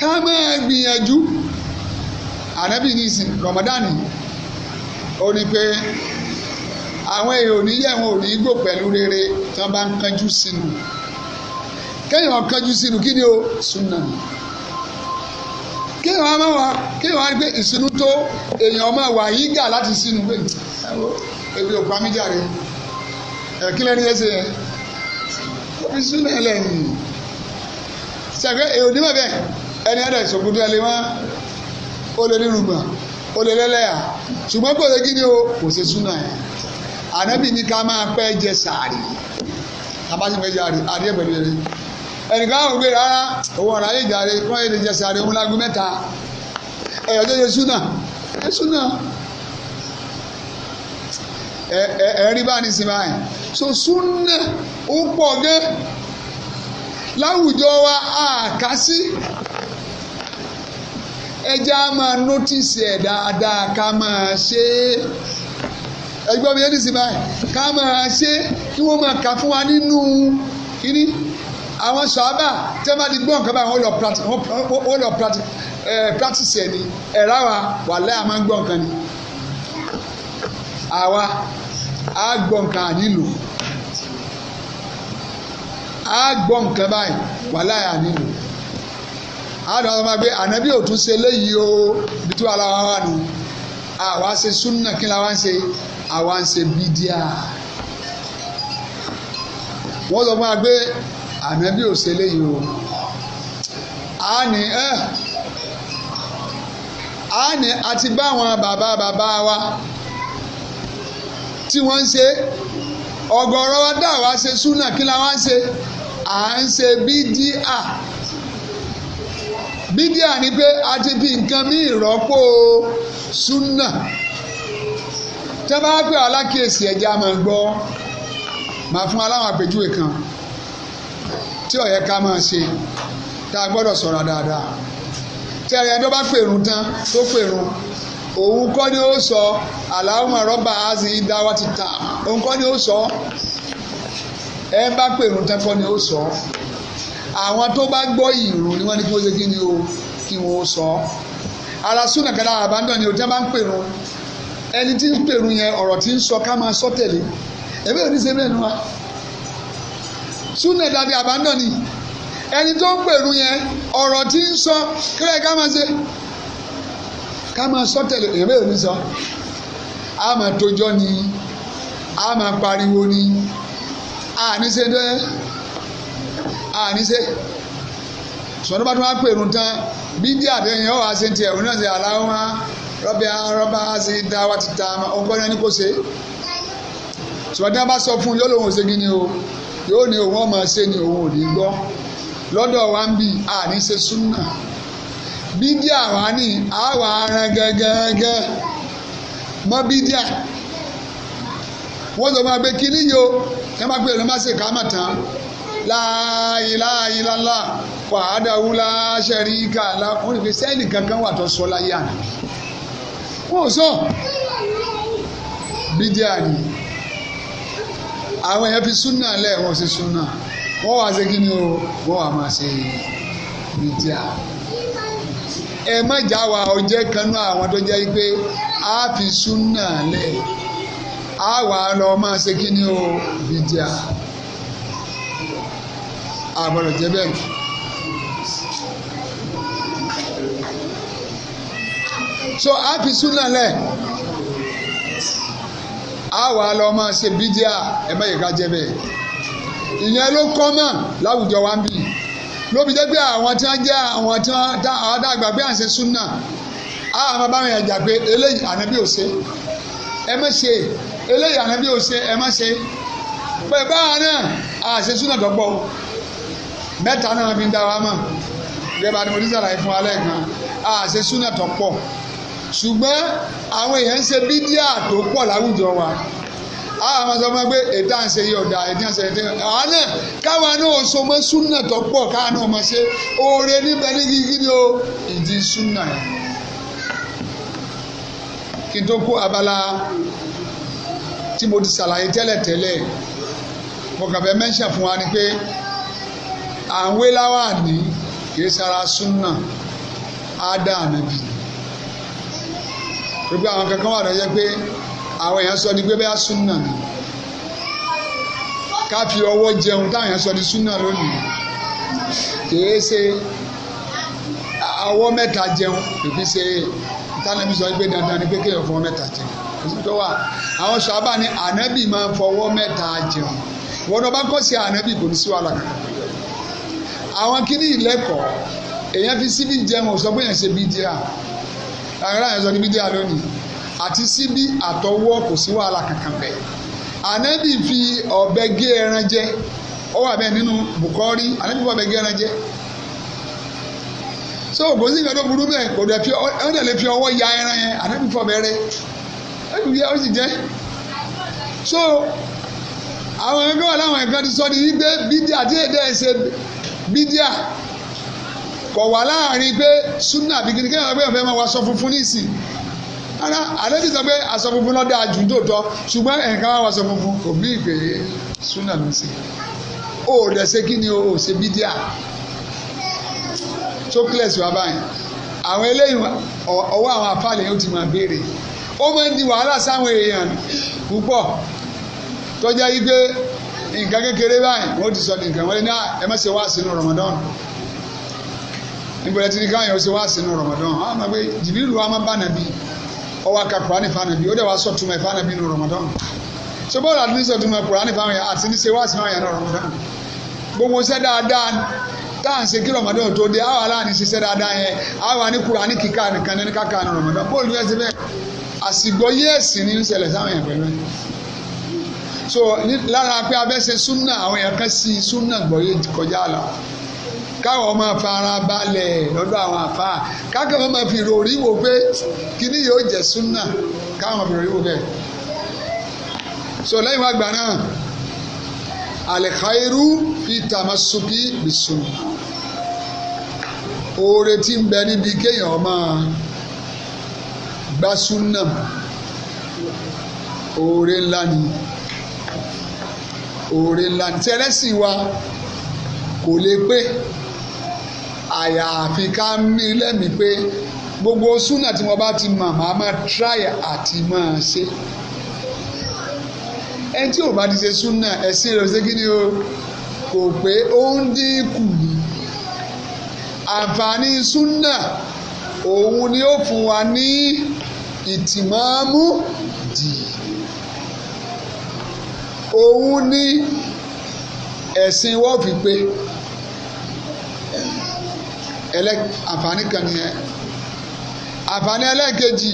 ká máa gbìyànjú ànábì ní ìsìn Ramadan ó ní pé àwọn èèyàn ò ní yẹ wọn ò ní gbò pẹ̀lú rere tí wọ́n bá ń kánjú sínú kéèyàn kánjú sínú kí ni o súnà kéèyàn á máa wà kéèyàn á rí pé ìsinú tó èèyàn máa wà yí gà láti sínú pé ẹ̀wọ́ ebi ò pa mí jàre ẹ̀kílẹ̀ ni ẹ ṣe yẹn fi súnà lẹ̀ ń sẹ̀fẹ̀ èrò nímọ̀ bẹ́ẹ̀ ẹni ọ̀dà ìsòkútù ẹ̀ lè má ó lè nínú gbà ó lè lẹ́lẹ́yà ṣùgbọ́n kò lè ni o kò ṣe súnà yẹn ànábì ní ká máa pẹ́ jẹ sàárì abájú pẹ́ jẹ àrí ẹ̀ pẹ̀lú ẹ̀rí ẹnìkan àwọn ògbé rárá owó ọ̀rọ̀ ayé ìjàre kí wọ́n yé lè jẹ sàárì òun lágún mẹ́ta ẹ̀yọ́ tó yẹ súnà ẹ̀ súnà ẹ̀ẹ́rí bá ní sinmi báyìí so súnà O pọ̀ gẹ́ láwùjọ wa àkásí ẹja máa nọ́tìsì ẹ̀ dáadáa ká máa ṣe é ẹgbẹ́ mi yẹn ti sìn báyìí ká máa ṣe kí wọ́n máa kà fún wa nínú kínní àwọn sọ́ọ́bà tí wọ́n bá ti gbọ́ báyìí wọ́n lọ practice ẹ̀ ní ẹ̀rá wa wà lẹ́yìn àmọ́ gbọ́ nǹkan ni àwa á gbọ́ nǹkan ànílò á gbọ́ nǹkan báyìí wàláhì ànílò á dọ̀ ọ́ máa gbé ànábì ò tún ṣe léyìí o bí tí wàá la wá wà nù àwa ṣe súnà kí la wá ń ṣe àwa ń ṣe bídíà wọ́n sọ fún wa pé ànábì ò ṣe léyìí o á ní ẹ́ eh, á ní àti bá àwọn bàbá bàbá wa tí wọ́n ń ṣe ọ̀gọ̀rọ̀ wa dá wa ṣe súnà kí la wá ń ṣe à ń ṣe bídíà bídíà ni pé a ti fi nǹkan mí ìrọ́pò súnà tẹ́ bá pè alákìyèsí ẹ̀jẹ̀ a máa gbọ́ máa fún aláwọn àpèjúwe kan tí ó ká máa ṣe tá a gbọ́dọ̀ sọ̀rọ̀ dáadáa tẹ́ ẹ̀rẹ́ tó bá pèrún tán tó pèrún òun kọ́ ni ó sọ aláwọ̀ rọ́bà áàzì dáwà ti tà òun kọ́ ni ó sọ ẹ bá pèrò tán kọ́ ni ó sọ àwọn tó bá gbọ́ ìrù ni wọ́n ní kí wọ́n ṣe kí ni o kí wọ́n sọ ara súnà kẹta àbándọ̀ ni òjá máa ń pèrò ẹni tí ń pèrò yẹn ọ̀rọ̀ tí ń sọ ká máa sọ tẹ̀lé ẹ̀mí ò ṣe bẹ́ẹ̀ wa súnà ìdádé àbándọ̀ ni ẹni tó ń pèrò yẹn ọ̀rọ̀ tí ń sọ kílẹ̀ ká máa ṣe ká máa sọ tẹ̀lé èyàn bẹ́ẹ̀ ní sọ a máa tójọ́ ni a máa pariwo ni a ní ṣe dẹ́ a ní ṣe sọdọ́ bá tún wá pèrún tán bídí àtẹ̀yìn ọ̀ wá ṣe tiẹ̀ òun náà ṣe aláwọ̀ wá rọ́bì arọ́bà ṣe dá wa ti ta òun kọ́ ní ẹni kò ṣe sọdọ́ bá sọ fún yóò lòun ṣe gíní o yóò ní òun ọmọ ṣe ni òun ò ní gbọ́ lọ́dọ̀ wa ń bì a ní ṣe súnà bídíà wa ní àwa aran gangan mọ́ bídíà wọ́n sọ ma gbé kínní yìí o ẹ má gbé ẹ̀rọ má ṣe ká má tán láàyèláàyèlálà wàhádàwúlá ṣẹríkà láwọn ìfẹ́ sẹ́ẹ̀lì kankan wà tó sọ láyé àná wọ́n sọ bídíà ni àwọn èèyàn fi súnà lẹ̀ wọ́n ṣe súnà wọ́n wá ṣe kí ni o wọ́n wá máa ṣe bídíà ẹ má jà wá ọjẹ́ kanú àwọn tó jẹ́ pé a fi súnà lẹ̀ a wà lọ máa ṣe kí ni o bìjà àgbọ̀dọ̀ jẹ́ bẹ́ẹ̀. so a fi súnà lẹ̀ a wà lọ máa ṣe bìjà ẹ má yẹ ká jẹ́ bẹ́ẹ̀ ìyẹn ló kọ́ mọ̀ láwùjọ wa ń bì í lóbi jẹ́ pé àwọn tí wọ́n jẹ́ àwọn tí wọ́n dá àwọn dàgbà pé à ń ṣe súnà á máa bá wọn ẹ̀jà pé eléyìí ànábì ò ṣe ẹ má ṣe eléyìí ànábì ò ṣe ẹ má ṣe pé báwa náà à ṣe súnà dọ́gbọ́ mẹ́ta náà fi ń dá wa mọ̀ gẹ́gẹ́ bá ní sàlàyé fún alẹ́ kan à súnà tó pọ̀ ṣùgbọ́n àwọn èèyàn ń ṣe bídíà tó pọ̀ láwùjọ wa àwọn ọmọ sọmọ pé ètò à ń ṣe yìí ọ̀dà ètò à ń ṣe ètò àwọn náà káwọn náà so mọ́ súnà tó pọ̀ káwọn náà mọ̀ ṣe oore níbẹ̀ ní kíkí ni o ìdí súnà yẹn. kí n tó kó abala tí mo ti ṣàlàyé tẹ́lẹ̀tẹ́lẹ̀ mo kàn fẹ́ mẹ́ńṣà fún wa ni pé à ń wé láwà ní kì í sara súnà á dà nàbì. pé pé àwọn kankan wà lọ́jọ́ pé àwọn èèyàn sọ di pé bẹ́ẹ̀ súnà ni ká fi ọwọ́ jẹun táwọn èèyàn sọ di súnà lónìí kìí ṣe ọwọ́ mẹ́ta jẹun kìí ṣe ìtànàbí sọ pé dandan ni pé kéèyàn fọwọ́ mẹ́ta jẹun tó wà àwọn sábà ní ànábì máa ń fọwọ́ mẹ́ta jẹun wọn bá kọ́ sí ànábì kò ní sí wàhálà kankan àwọn kíní ìlẹ́kọ̀ọ́ èèyàn fi síbi jẹun ò sọ pé èèyàn ṣe bídíà àgbàrá yẹn sọ ní bídíà lónìí àti síbí àtọwọ́ kò sí wàhálà kankan bẹ́ẹ̀ ànábì fi ọ̀bẹ gé ẹran jẹ ó wà bẹ́ẹ̀ nínú Bukhari ànábì fi gé so kò sí ìgbà burú bẹ́ẹ̀ kò dẹ̀ fi lè fi ọwọ́ ya ẹran yẹn ànábì fi ọ̀bẹ rẹ ó sì jẹ́ so àwọn ẹgbẹ́ wà láwọn ẹgbẹ́ ti sọ ni wípé bídíà tí èdè ẹ̀ ṣe bídíà kọ̀ wà láàrin pé súnà funfun ara àlejò sọ pé aṣọ funfun lọ́dẹ àjùdò tọ́ ṣùgbọ́n ẹ̀ka wà aṣọ funfun kò mí ìpè súnà ló ṣe o ò dẹ̀ ṣe kí ni o ò ṣe bídíà chocolate wà báyìí àwọn eléyìí ọwọ́ àwọn apáàlẹ̀ yóò ti máa béèrè ó máa ń di wàhálà sáwọn èèyàn púpọ̀ tọ́jà yìí pé nǹkan kékeré báyìí wọ́n ti sọ nǹkan wọlé náà ah, ẹ má ṣe wá sínú Ramadan nígbà tí káyọ̀ ṣe wá sínú Ramadan àwọn ọmọ pé jìbìrì wa máa bá nàbí ọwọ́ aka kurani fanabi ó dẹ̀ wá sọ̀túnmọ̀ ìfanabi nù Ramadan so bọ́ọ̀lù àti ní sọ̀túnmọ̀ kurani fanabi àti ní sẹ́wọ́ àti fanabi nù Ramadan gbogbo sẹ́ dáadáa tá ń ṣe kí Ramadan tó dé àwa aláàní ṣiṣẹ́ dáadáa yẹn àwa ní kurani kíkà nìkan ní káka nù Ramadan bọ́ọ̀lù yẹn ti fẹ́ àsìgbọ́ yẹ́ẹ̀sì ní ń ṣẹlẹ̀ sáwọn yẹn pẹ̀lú so lára pé abẹ́ ṣe súnà àwọn yẹn kan sí súnà gbọ́yé kọjá àlà káwọn ọmọ fara balẹ̀ lọ́dọ̀ àwọn àfa kákan ọmọ fi ròrí wo pé kíní yóò jẹ́ súnà káwọn ọmọ fi ròrí wo bẹ́ẹ̀. so lẹ́yìn wá gbà náà alikhairu fi tamasuki bisunna oore tí ń bẹ níbi kéèyàn ọmọ gba súnà oore ńlá ni oore ńlá ni tẹ́lẹ̀sìn wa kò lè pé àyàfi ká mí lẹ́mìí pé gbogbo súnà tí mo bá ti mọ̀ màá máa tíráyà àti máa ṣe ẹni tí ò bá ti ṣe súnà ẹ̀sìn rẹ̀ ṣe kí ni o kò pé ó ń dínkù ni àǹfààní súnà òun ni ó fún wa ní ìtìmọ́mú dì òun ni ẹ̀sìn wọ́n fi pé ẹlẹ́ àǹfààní kan nìyẹn àǹfààní ẹlẹ́ẹ̀kejì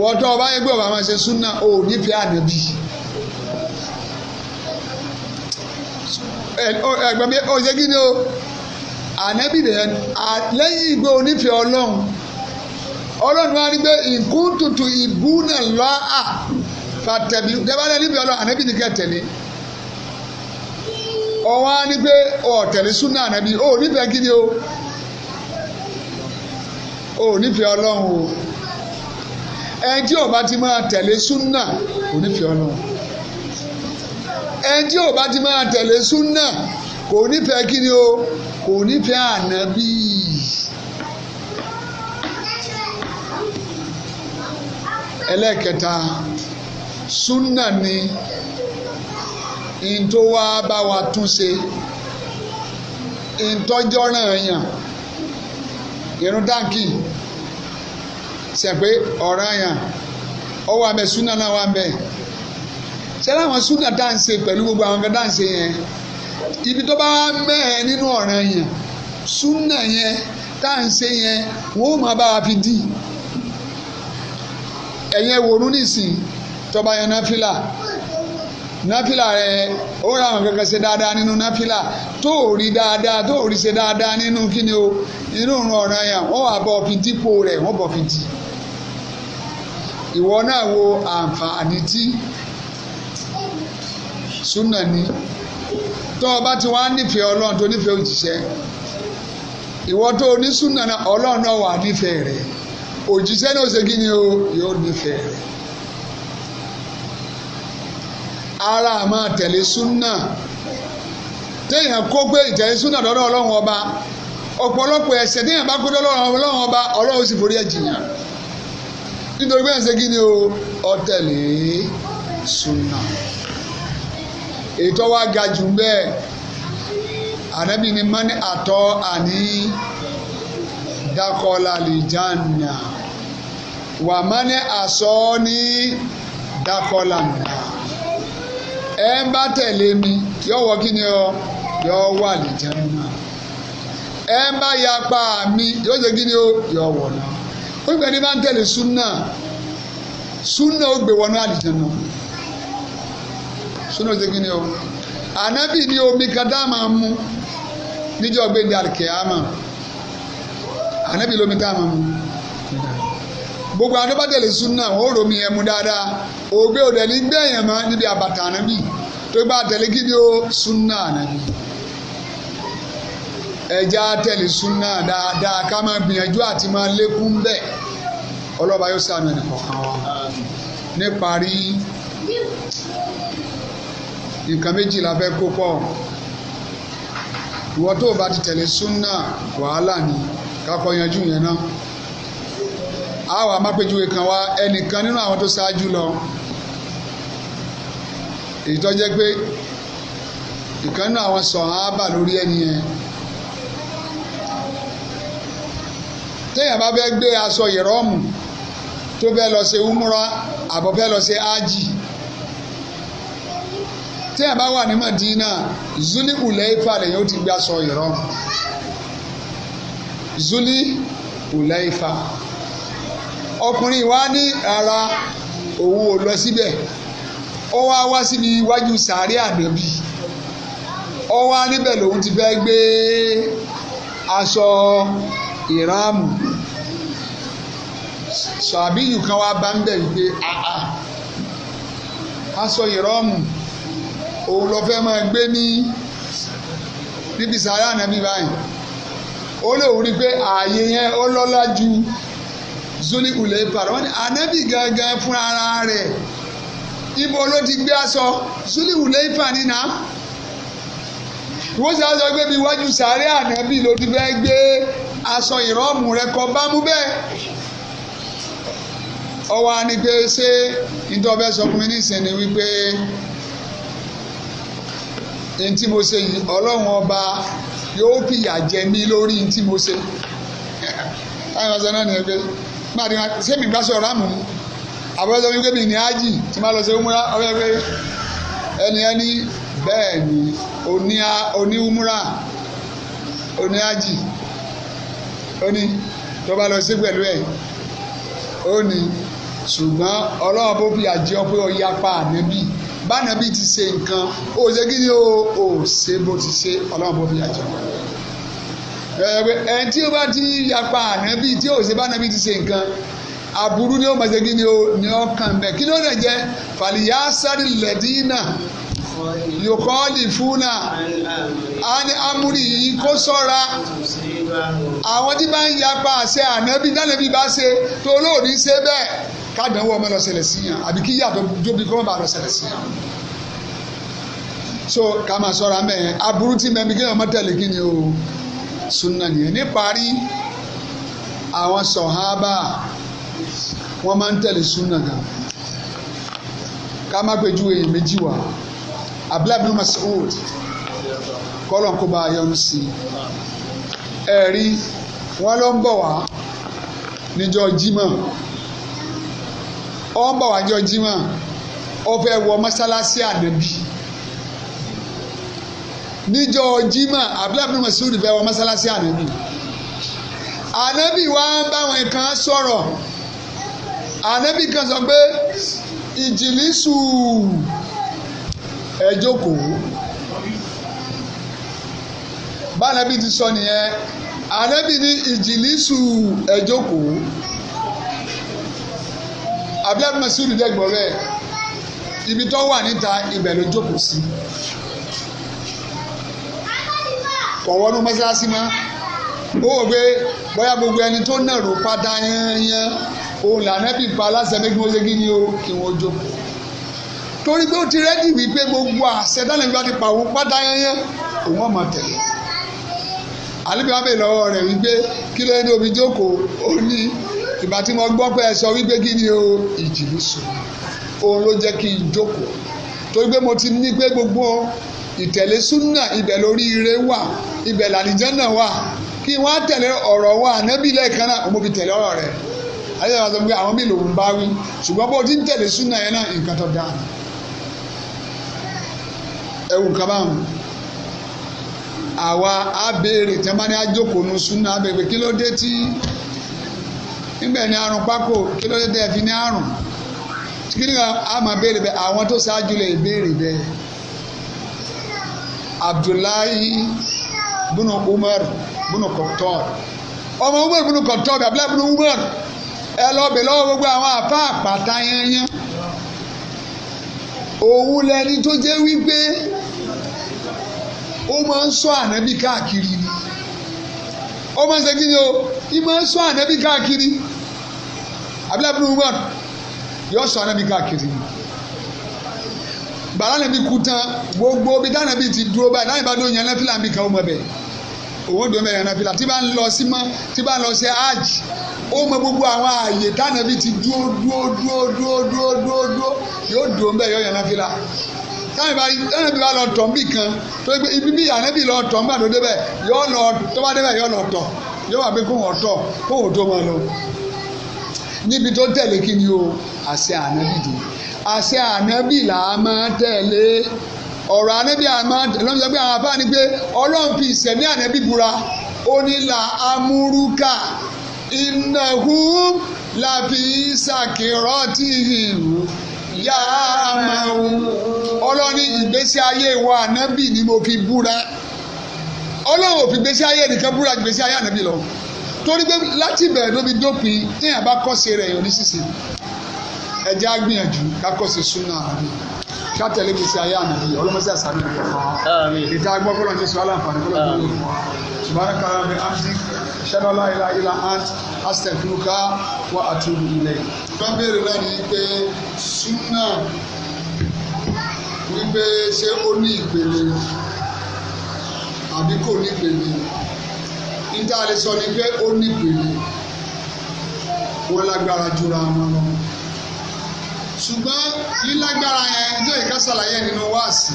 wọ́tọ́ ọba yẹn gbé ọba máa ṣe súnà ó nífẹ̀ẹ́ ànábì ẹgbẹ́ mi ó ṣe kí ni o ànábì nìyẹn lẹ́yìn ìgbé onífẹ̀ẹ́ ọlọ́run ọlọ́run wa ni pé nkúntùtù ìbú náà lọ́à fàtẹ̀bí dẹ́gbàdàn nífẹ̀ẹ́ ọlọ́run ànábì nìkẹ́ tẹ̀lé ọwọ́ ni ní pé ọ̀tẹ̀lẹ̀ súnà ànábì ó nífẹ̀ẹ́ kí ni o ó nífẹ̀ẹ́ ọlọ́run o ẹni tí ò bá ti máa tẹ̀lé súnà kò nífẹ̀ẹ́ ọlọ́run ẹni tí ò bá ti máa tẹ̀lé súnà kò nífẹ̀ẹ́ kí ni o kò nífẹ̀ẹ́ ànábì. ẹlẹ́ẹ̀kẹta súnà ni tó wá bá wa tún ṣe ntọ́jọ́ náà yàn irun dáńkì sẹ̀pẹ́ ọ̀ràn yàn ọwọ́ abẹ náà wà bẹ́ẹ̀ sẹ́lẹ̀ àwọn súnà dáǹsè pẹ̀lú gbogbo àwọn yẹn ibi tó bá nínú ọ̀ràn yẹn yẹn wọ́n ó máa bá wa fi dì ẹ̀yẹ nìsín tọ́ba yẹn náfìlà rẹ ó ra àwọn kankan ṣe dáadáa nínú náfìlà tó ò rí dáadáa tó ò rí ṣe dáadáa nínú kíni o inú òrùn ọ̀ràn yẹn wọ́n wà bọ̀ fi dípò rẹ̀ wọ́n bọ̀ fi dì ìwọ náà wo àǹfààní tí súnà ni tó o bá ti wá nífẹ̀ẹ́ ọlọ́run tó nífẹ̀ẹ́ òjíṣẹ́ ìwọ tó o ní súnà náà ọlọ́run náà wà nífẹ̀ẹ́ rẹ̀ òjíṣẹ́ náà ṣe kí ni o yóò nífẹ̀ẹ́ rẹ̀ ara máa tẹ̀lé súnà téèyàn kó gbé ìtẹ̀lé súnà lọ́dọ̀ ọlọ́run ọba ọ̀pọ̀lọpọ̀ ẹ̀ṣẹ̀ téèyàn bá kó lọ́dọ̀ ọlọ́run ọba ọlọ́run sì forí ẹ̀jìyàn nítorí pé ẹ̀ṣẹ̀ kí ni o ọ̀tẹ̀lé súnà ètò wa ga jù bẹ́ẹ̀ ànábì ni mani àtọ́ àní dákọ́lá lè jáàna wà mani àsọ ní dákọ́lá nìyà. ẹ ń bá tẹ̀lé mi yọ wọ kí ni ọ yọ wà lè jẹun náà ẹ ń bá yapa mi yóò ṣe kí ni ó yọ wọ̀ náà ó gbẹ ní bá ń tẹ̀lé súnà súnà ó gbé wọnú àlìjẹun náà súnà ó ṣe kí ni ó ànábì ni omi kan tá a máa mú níjọ́ gbé ní àlìkè àmà ànábì lómi tá máa mú gbogbo àwọn tó bá tẹ̀lé ó romi ẹmu dáadáa ògbé òdẹ ní gbẹ̀yàn mọ́ níbi àbàtà ànábì tó bá tẹ̀lé kí ni ó sunna ànábì ẹja tẹ̀lé súnà dáadáa ká máa gbìyànjú àti máa lékún bẹ́ẹ̀ ọlọ́ba yóò sàmì ẹnìkọ̀ọ̀kan wa níparí nǹkan méjì la fẹ́ kó pọ̀ ìwọ tó o bá ti tẹ̀lé súnà wàhálà ni ká yanjú yẹn náà. a wà kan wá ẹnìkan nínú àwọn tó ṣáájú lọ èyí tó jẹ́ pé ìkan nínú àwọn sọ̀hábà lórí ẹni yẹn téèyàn bá fẹ́ gbé aṣọ ìrọ́mù tó fẹ́ lọ ṣe àbọ̀ fẹ́ lọ ṣe ájì téèyàn bá wà ní Madina zuli ulẹ́ifà lèyìn ó ti gbé aṣọ ìrọ́mù zuli ulẹ́ifà. ọkùnrin wa ní ara òun ò lọ síbẹ̀ ó wá wá síbi iwájú sàárẹ̀ ànábì ó wá níbẹ̀ lòun ti fẹ́ gbé aṣọ ìrààmù sàbíyù kan wá bá ń bẹ̀ wípé àà aṣọ ìrààmù òun lọ fẹ́ máa gbé ní níbi sàárẹ̀ ànábì báyìí ó lè wúri pé ààyè yẹn ó lọ́lá ju zoli ulẹ̀ para wọ́n ní anabi gangan fún ara rẹ̀ ibo ló ti gbé aṣọ zoli ulẹ̀ ipa nínà wọ́n sọ aṣọ gbé mi iwájú sàárẹ̀ anabi ló ti fẹ́ gbé aṣọ ìrọ́mù rẹ̀ kọ́ bámú bẹ́ẹ̀ ọwọ́ á ní pé ṣé ìtọ́fẹ́ sọ fún mi nísìnyí wípé ntí mo ṣe yìí ọlọ́run ọba yóò fìyà jẹ mí lórí ntí mo ṣe. táyà sọ náà nìyẹn pé gbàdé náà ṣé mi gbàṣọ ráàmù àbúrò sọ wípé mi ní ájì tí máa lọ sí umura ọbẹ̀ pé ẹni ẹni bẹ́ẹ̀ ni oní umura oni aji, oni tó bá lọ sí pẹ̀lú ẹ̀ oní ṣùgbọ́n ọlọ́run bó fi àjẹ́ ọ pé ọ yapa ànábì bá ànábì ti ṣe nǹkan ó ṣe kí ni ó ṣe bó ti ṣe ọlọ́run bó fi àjẹ́ ọ ẹni tí ó bá ti yapa ànábì tí ó ṣe bá ànábì ti ṣe nǹkan aburú ni ó máa ṣe kí ni ó ní ọkàn bẹ kí ló dẹ̀ jẹ́ fàlìyà sáré lẹ́dínà yòkọ́ọ̀lì fúnà àni amúrí yìí kó sọ́ra àwọn tí bá ń yapa àṣẹ ànábì dánàbí bá ṣe tó olóòní ṣe bẹ́ẹ̀ kádàánwó ọmọ lọ ṣẹlẹ̀ sí yàn àbí kí yàtọ̀ jóbi kọ́ máa lọ ṣẹlẹ̀ sí yàn so ká máa sọ́ra mẹ́rin aburú tí mẹ́mi kí ni ọmọ tẹ̀lé kí ni o sunna nìyẹn níparí àwọn sọ̀hábà wọ́n máa ń tẹ̀lé sunna gan ká má gbẹjú èèyàn méjì wá Abdullahi bin Mas'ud kọ́lọ̀ kó bá a yọnu sí i ẹ̀rí wọ́n ló ń bọ̀ wá níjọ́ Jímọ̀ ó ń bọ̀ wá níjọ́ Jímọ̀ ó fẹ́ wọ mọ́sálásí ànábì níjọ́ jimá abdullahi bin Mas'ud bẹ́ẹ̀ wọ mọ́sálásí ànábì ànábì wa ń báwọn kan sọ̀rọ̀ ànábì kan sọ pé ìjìlísù ẹ jókòó bánabi ti sọ nìyẹn ànábì ní ìjìlísù ẹ jókòó abdullahi bin Mas'ud ibi tó wà níta ibẹ̀ ló jókòó sí kọ̀wọ́ ní mọ́ṣáláṣí mọ́ ó wò pé bóyá gbogbo ẹni tó nàró pátá yányán òun lànàbì pa aláṣẹ pé kí wọ́n ṣe kí ni o kí wọ́n jókòó torí pé ó ti rẹ́dì wípé gbogbo àṣẹ dáná ìgbà ti pa òun pátá yányán òun ọmọ tẹ̀lé àlébí wọn bèèrè lọ́wọ́ rẹ̀ wípé kí ló ní omi jókòó ó ní ìgbà tí mo gbọ́ pé ẹ sọ wípé kí ni o ìjì ló sùn òun ló jẹ́ kí n jókòó torí pé mo ti ní pé gbogbo ìtẹ̀lé súnà ibẹ̀ lórí ire wà ibẹ̀ làlìjánà wà kí wọ́n tẹ̀lé ọ̀rọ̀ wà ànábì lẹ́ẹ̀kan náà mo fi tẹ̀lé ọ̀rọ̀ rẹ̀ ayé wa sọ pé àwọn bí lòun bá wí ṣùgbọ́n bó ti ń tẹ̀lé súnà yẹn náà nǹkan tó dáa àwa á béèrè bá ní súnà bẹ̀rẹ̀ kí ló dé tí àrùn pákó kí ló dé fi ní àrùn kí ni abdullahi bunu umar bunu kọtọr ọmọ umar bunu kọtọr abdullahi bunu umar ẹ lọ bẹ lọ́wọ́ gbogbo àwọn àfa àpàtà yanyan òun lẹni tó jẹ́ wípé ó máa ń sọ ànábì káàkiri ni ó máa ń ṣe kí ni o ì máa ń sọ ànábì káàkiri abdullahi bunu umar yóò sọ ànábì káàkiri ni bàrà nàbí kú tán gbogbo bí dànàbí ti dúró báyìí láyìn bá dó yan nàfìlà nbí kan ó mọ bẹ òun dòun bẹ yan nàfìlà tí bá ń lọ sí mọ tí bá ń lọ sí hajj ó mọ gbogbo àwọn ààyè dànàbí ti dúró dúró dúró dúró dúró dúró dúró yóò dòun bẹ yọ yan nàfìlà dànàbí bá lọ tọ̀ nbí kan tó yẹ ibi bí ànàbí lọ tọ̀ nbà tó débẹ̀ yọ lọ tó bá débẹ̀ yọ lọ tọ̀ yóò wà pé kó wọn tọ̀ kó wọn tó máa lọ níbi tó tẹ̀lé kí ni o àṣẹ ànàbí dùn àṣẹ ànábì là á máa tẹ̀lé ọ̀rọ̀ ànábì à máa tẹ̀lé lọ́nà pé àwọn afáàní pé ọlọ́run fi ìṣẹ̀mí ànábì búra ó ní là amúrúkà ìnáwó làbí sàkírọ́tì yá máa wù ọlọ́ni ìgbésí ayé wa ànábì ni mo fi búra ọlọ́run ò fi gbésí ayé nìkan búra gbésí ayé ànábì lọ torí pé láti bẹ̀rẹ̀ ló fi dópin téèyàn bá kọ́ ṣe rẹ̀ yọ̀ ní sísè ẹjẹ́ á gbìyànjú kákọ́sí súnà àbí kátẹ́lẹ́ bí sí ayé àná yìí ọlọ́mọsí àsàmì rẹ̀ fún wa ìta gbọ́ kọ́lọ̀ ní sọ aláǹfààní kọ́lọ̀ tó wù fún wa ṣùgbọ́n kára mi àti ṣẹlọ́lá ìlà ìlà ant astẹ̀fúnukà wà àtúndù ilẹ̀. wọ́n béèrè náà ní pé súnà wípé ṣé ó ní ìpele àbí kò ní ìpele níta lè sọ ni pé ó ní ìpele wọ́n lágbára jura wọn lọ ṣùgbọ́n lílágbára yẹn tó yẹ ká ṣàlàyé nínú wáàsí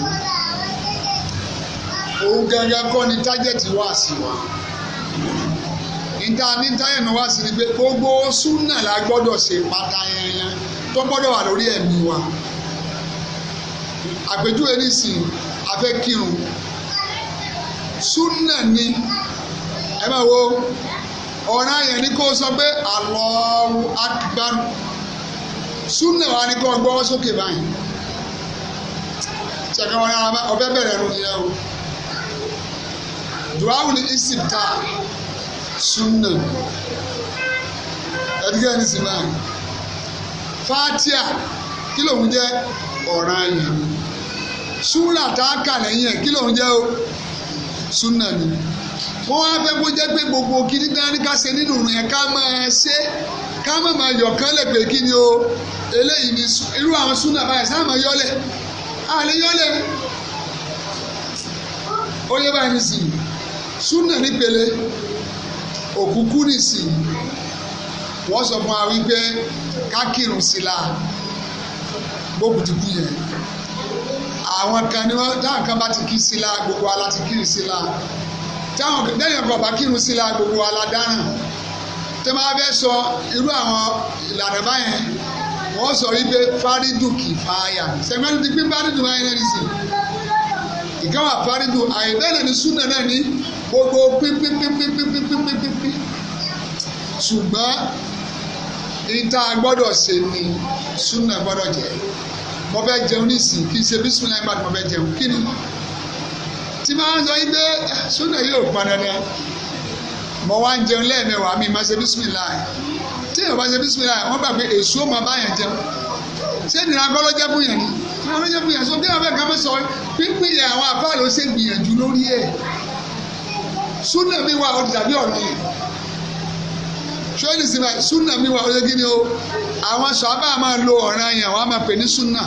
òun gangan kọ́ ni tájẹ́tì wáàsí wa níta ní táyẹ̀ nù wáàsí ni pé gbogbo súnà la gbọ́dọ̀ ṣe pátá yẹn yẹn tó gbọ́dọ̀ wà lórí ẹ̀mí wa àpèjúwe nísìnyí a fẹ́ kírun súnà ni ẹ máa wo ọ̀ràn yẹn ni kó sọ pé Allahu Akbar súnà wa ni kọ́ gbọ́ sókè báyìí ṣẹ̀kẹ́ wọn ni ọbẹ̀ bẹ̀rẹ̀ ẹ̀rù yẹn o duawu ni isipta súnà ẹ̀dígẹ́ ní sinmi báyìí fatia kí lòun jẹ́ ọ̀ràn yìí súnà tá a kà lẹ́yìn ẹ̀ kí lòun jẹ́ o súnà ni wọ́n wá fẹ́ kó jẹ́ pé gbogbo kíní dání ká ṣe nínú ìrìn yẹn ká máa ṣe ká má máa yọ̀ kán lè pé kí ni o eléyìí ni irú àwọn súnà báyìí sáà máa yọ́lẹ̀ àlè yọ́lẹ̀ ó yẹ báyìí ní sìn súnà nípele òkùnkùn ní sìn wọ́n sọ fún wa wípé ká kírun sí la gbókùn ti kú yẹn àwọn kan ni wọ́n dáhùn kan bá ti kí sí la gbogbo ala ti kírun sí la táwọn lẹ́yìn ọkọ̀ bá kírun sí la gbogbo aládàáná tẹ́ máa fẹ́ sọ irú àwọn ìlànà báyẹn wọ́n sọ wípé fárídù kì fàáyà sẹ́gbẹ́ni ti pín fárídù báyẹn náà nìsín ìkáwà fárídù àìbẹ́ẹ̀ náà ní súnà náà ní gbogbo pínpínpínpínpínpínpínpín ṣùgbọ́n ìta gbọ́dọ̀ ṣe ni súnà gbọ́dọ̀ jẹ́ mo fẹ́ jẹun nísìn kì í ṣe bísúnà ìbàdàn mo fẹ́ jẹun kí ni tí máa ń sọ yín pé ah, súnà yìí ò pọn dandan mọ wá ń jẹun lẹ́ẹ̀mẹwàá mi máa ṣe bísímìlá tí èèyàn bá ṣe bísímìlá wọ́n gbà pé èso ọmọ báyẹn jẹun ṣé nira gbọ́dọ̀ jẹ́ fún yẹn ni nira gbọ́dọ̀ jẹ́ fún yẹn so bí wọ́n fẹ́ ká mọ́ sọ pínpín yẹn àwọn àbá ló ṣe gbìyànjú lórí ẹ̀ súnà mi wà ó dàbí ọ̀rọ̀ yẹn sọ́yìn sinmi súnà mi wà ó yẹ o àwọn sọ́ọ́bà máa lo ọ̀ràn yẹn wọ́n á máa pè ní súnà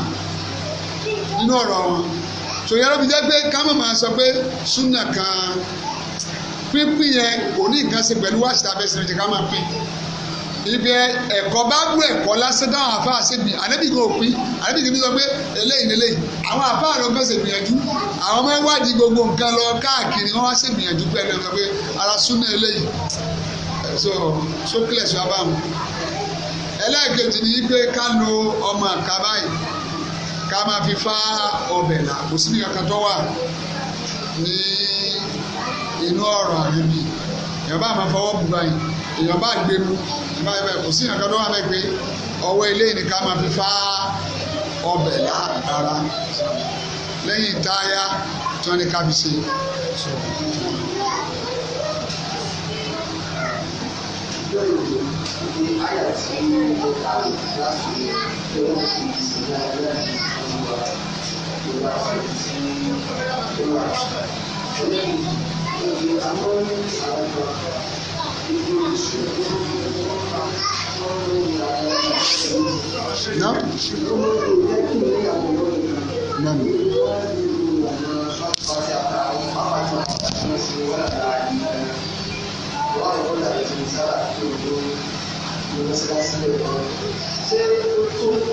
nínú ọ̀rọ̀ wọn sòyìn ẹlọ́bi jẹ́ pé ká má máa sọ pé súnà kan pínpín yẹn kò ní nǹkan ṣe pẹ̀lú wáṣí tàbí ẹsẹ̀ méjì ká máa pín ibẹ̀ ẹ̀kọ́ bá gbọ́ ẹ̀kọ́ lásán táwọn àfáà ṣe gbìn àdébì kan òpin àdébì kan sọ pé eléyìí ni eléyìí àwọn àfáà ló fẹsẹ̀ gbìyànjú àwọn máa ń wádìí gbogbo nǹkan lọ káàkiri wọn wá ṣe gbìyànjú pẹ̀lú ẹ̀ sọ pé ara súnà eléyìí so sókèlè sọ abáwọn ẹlẹ́ẹ̀kejì ni ipe ká lo ọmọ àká báyìí Kama máa fi fá ọbẹ̀ là kò síbi kankan tó wà ní inú ọ̀rọ̀ àríbi èèyàn bá máa fọwọ́ bù báyìí èèyàn bá gbé kò sí kankan tó wà bẹ́ẹ̀ pé ilé ni kama máa fi fá ọbẹ̀ là rárá lẹ́yìn táyà tí ní ká Thank you. Porque a eu não fiz nada Eu acho eu Eu eu não? Não. Não. wà á yọ̀ láti fi sára kí o tó kí o o tó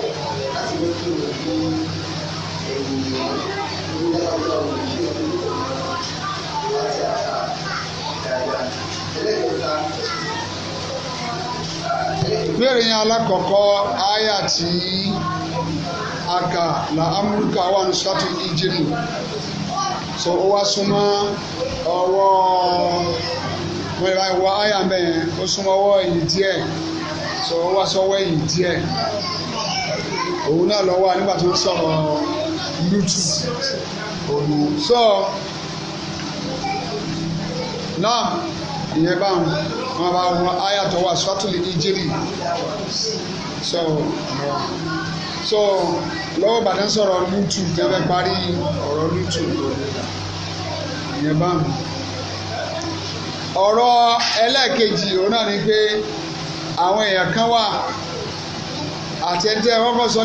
o yẹn alákọ̀ọ́kọ́ àyà tí a kà la amúríkà wà ní sọ́ọ̀tì ìjìnlẹ̀ so wá súnmọ́ ọwọ́ mo lè bá wọ àyà ń bẹ̀ yẹn ó súnmọ́ ọwọ́ ẹ̀yìn díẹ̀ sọ wá sọ́wọ́ ẹ̀yìn díẹ̀ òun náà lọ wá nígbà tó ń sọ̀rọ̀ lútù òun sọ náà ìyẹn báwọn wọn bá wọn àyà tó wà sọ́tùlì ìjírí sọ so lọ́wọ́ bàtà sọ̀rọ̀ lútù tẹ́lẹ̀ parí ọ̀rọ̀ lútù ìyẹn báwọn ọ̀rọ̀ ẹlẹ́ẹ̀kejì òun náà ni pé àwọn èèyàn kan wà àti ẹni tẹ́ wọ́n kọ́ sọ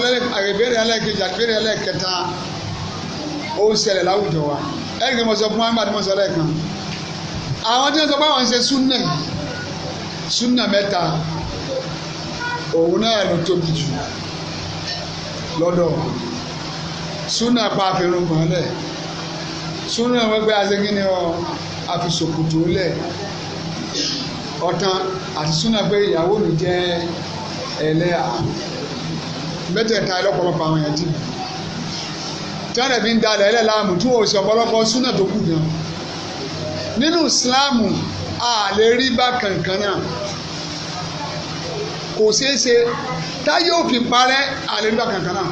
ìbéèrè ẹlẹ́ẹ̀kejì àti ìbéèrè ẹlẹ́ẹ̀kẹta ó ń ṣẹlẹ̀ láwùjọ wa ẹnì kan mo sọ fún wa nígbà tí mo sọ lẹ́ẹ̀kan àwọn tí wọ́n sọ pé àwọn ń ṣe súnà súnà mẹ́ta òun náà ló tóbi jù lọ́dọ̀ súnà pa àfihàn gbọ̀n lẹ̀ súnà wọ́n gbé aṣẹ́gi ni àfi ṣòkòtò lẹ̀ ọ̀tàn àti súnà pé ìyàwó mi jẹ́ ẹlẹ́à mẹ́tẹ̀ẹ̀ta ẹlọ́pọ̀lọpọ̀ àwọn èèyàn dì tẹ́lẹ̀ fi ń dalẹ̀ ẹlẹ́ láàmú tí wọ́n sì ọ̀pọ̀lọpọ̀ súnà tó kù gan nínú ìsìláàmù a lè rí bákan kan náà kò ṣeé ṣe táyé òfin parẹ́ a lè rí bákan kan náà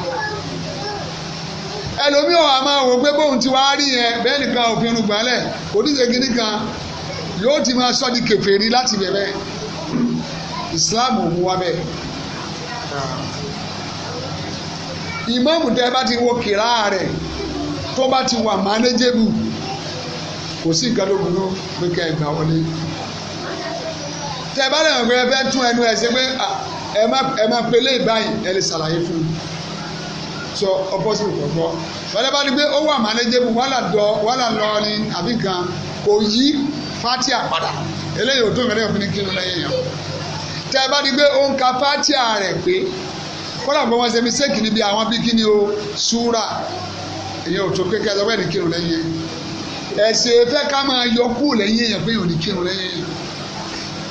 ẹlòmíì ọ̀ àmọ́ wò pé bóun ti wá rí yẹn bẹ́ẹ̀ nìkan òfin irun gbàlẹ̀ oníṣe gidi kan yóò ti máa sọ di kèfèrí láti bẹ̀rẹ̀ Islam ò mú wa bẹ́ẹ̀ ìmáàmù tẹ́ bá ti wo kìlá rẹ̀ tó bá ti wà mánéjébù kò sí nǹkan tó burú pé ká ẹ gbà wọlé tẹ́ bá lè rẹ fẹ́ tún ẹnu ẹ ṣe pé ẹ má pélé báyìí ẹ lè ṣàlàyé fún un so opposite tọ̀gbọ́ wọ́n bá ní pé ó wà manageable wàhálà dọ̀ wàhálà lọ́ọ̀rin àbí kan kò yí fatia padà eléyìí ò tó mẹ́rin òfin kírun lẹ́yìn yẹn tẹ́ ẹ bá ní pé ó ń ka fatia rẹ̀ pé kọ́lá bọ́ wọn ṣe mi ṣé kìíní bí àwọn bí kíní o súra èyí ò tó kékeré ẹ lọ́wọ́ ẹ̀ ní kírun lẹ́yìn yẹn ẹ̀sìn fẹ́ ká máa yọ kú lẹ́yìn yẹn pé ò ní kírun lẹ́yìn yẹn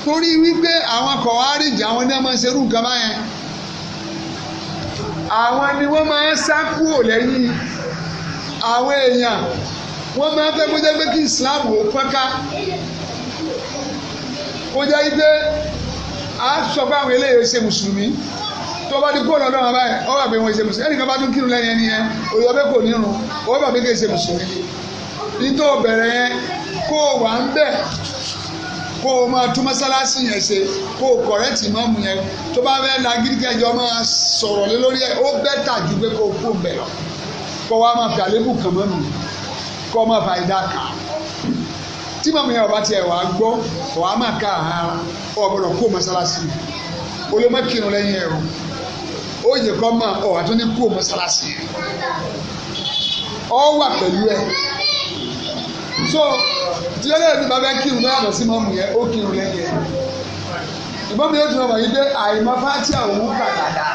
torí wípé àwọn kọ̀wárìjà àwọn ní àwọn ni wọ́n máa ń sá kúrò lẹ́yìn àwọn èèyàn wọ́n máa fẹ́ kó jẹ́ pé kí Islam ò fọ́nká kó jẹ́ pé a sọ pé àwọn eléyìí ṣe mùsùlùmí tó bá di kó lọ́dọ̀ wọn báyìí ọ wà pé wọn ṣe mùsùlùmí ẹnìkan bá tún kírun lẹ́yìn ẹni yẹn òyìnbó pé kò nírun ọ wà pé kì í ṣe mùsùlùmí nítorí bẹ̀rẹ̀ yẹn kó wà ń bẹ̀ kó o máa tún mọ́sálásí yẹn ṣe kó o kọ̀rẹ́tì ìmáàmù yẹn tó bá fẹ́ la gírígẹ́jọ máa sọ̀rọ̀ lé lórí ẹ̀ ó bẹ́tà ju pé kó o kú bẹ̀ lọ kó wa máa fi àlébù kàn mọ́nu kó o máa fa ìdá kan tí màmú yẹn ọba tiẹ̀ wàá gbọ́ wàá máa ká àhárá ọ̀gbọ̀dọ̀ kó mọ́sálásí o lè má kírun lẹ́yìn ẹ̀rọ ó yẹ kọ́ máa ọ̀ àtúndí kó mọ́sálásí ọ wà pẹ̀lú ẹ̀ so tí ẹlẹ́yìn bá bẹ́ kírun náà yàtọ̀ sí mọ́mù yẹn ó kírun lẹ́yìn ẹ̀ ìbọn mi yóò tún ọmọ yìí dé àìmọ́ fáti àwọn òun kà dáadáa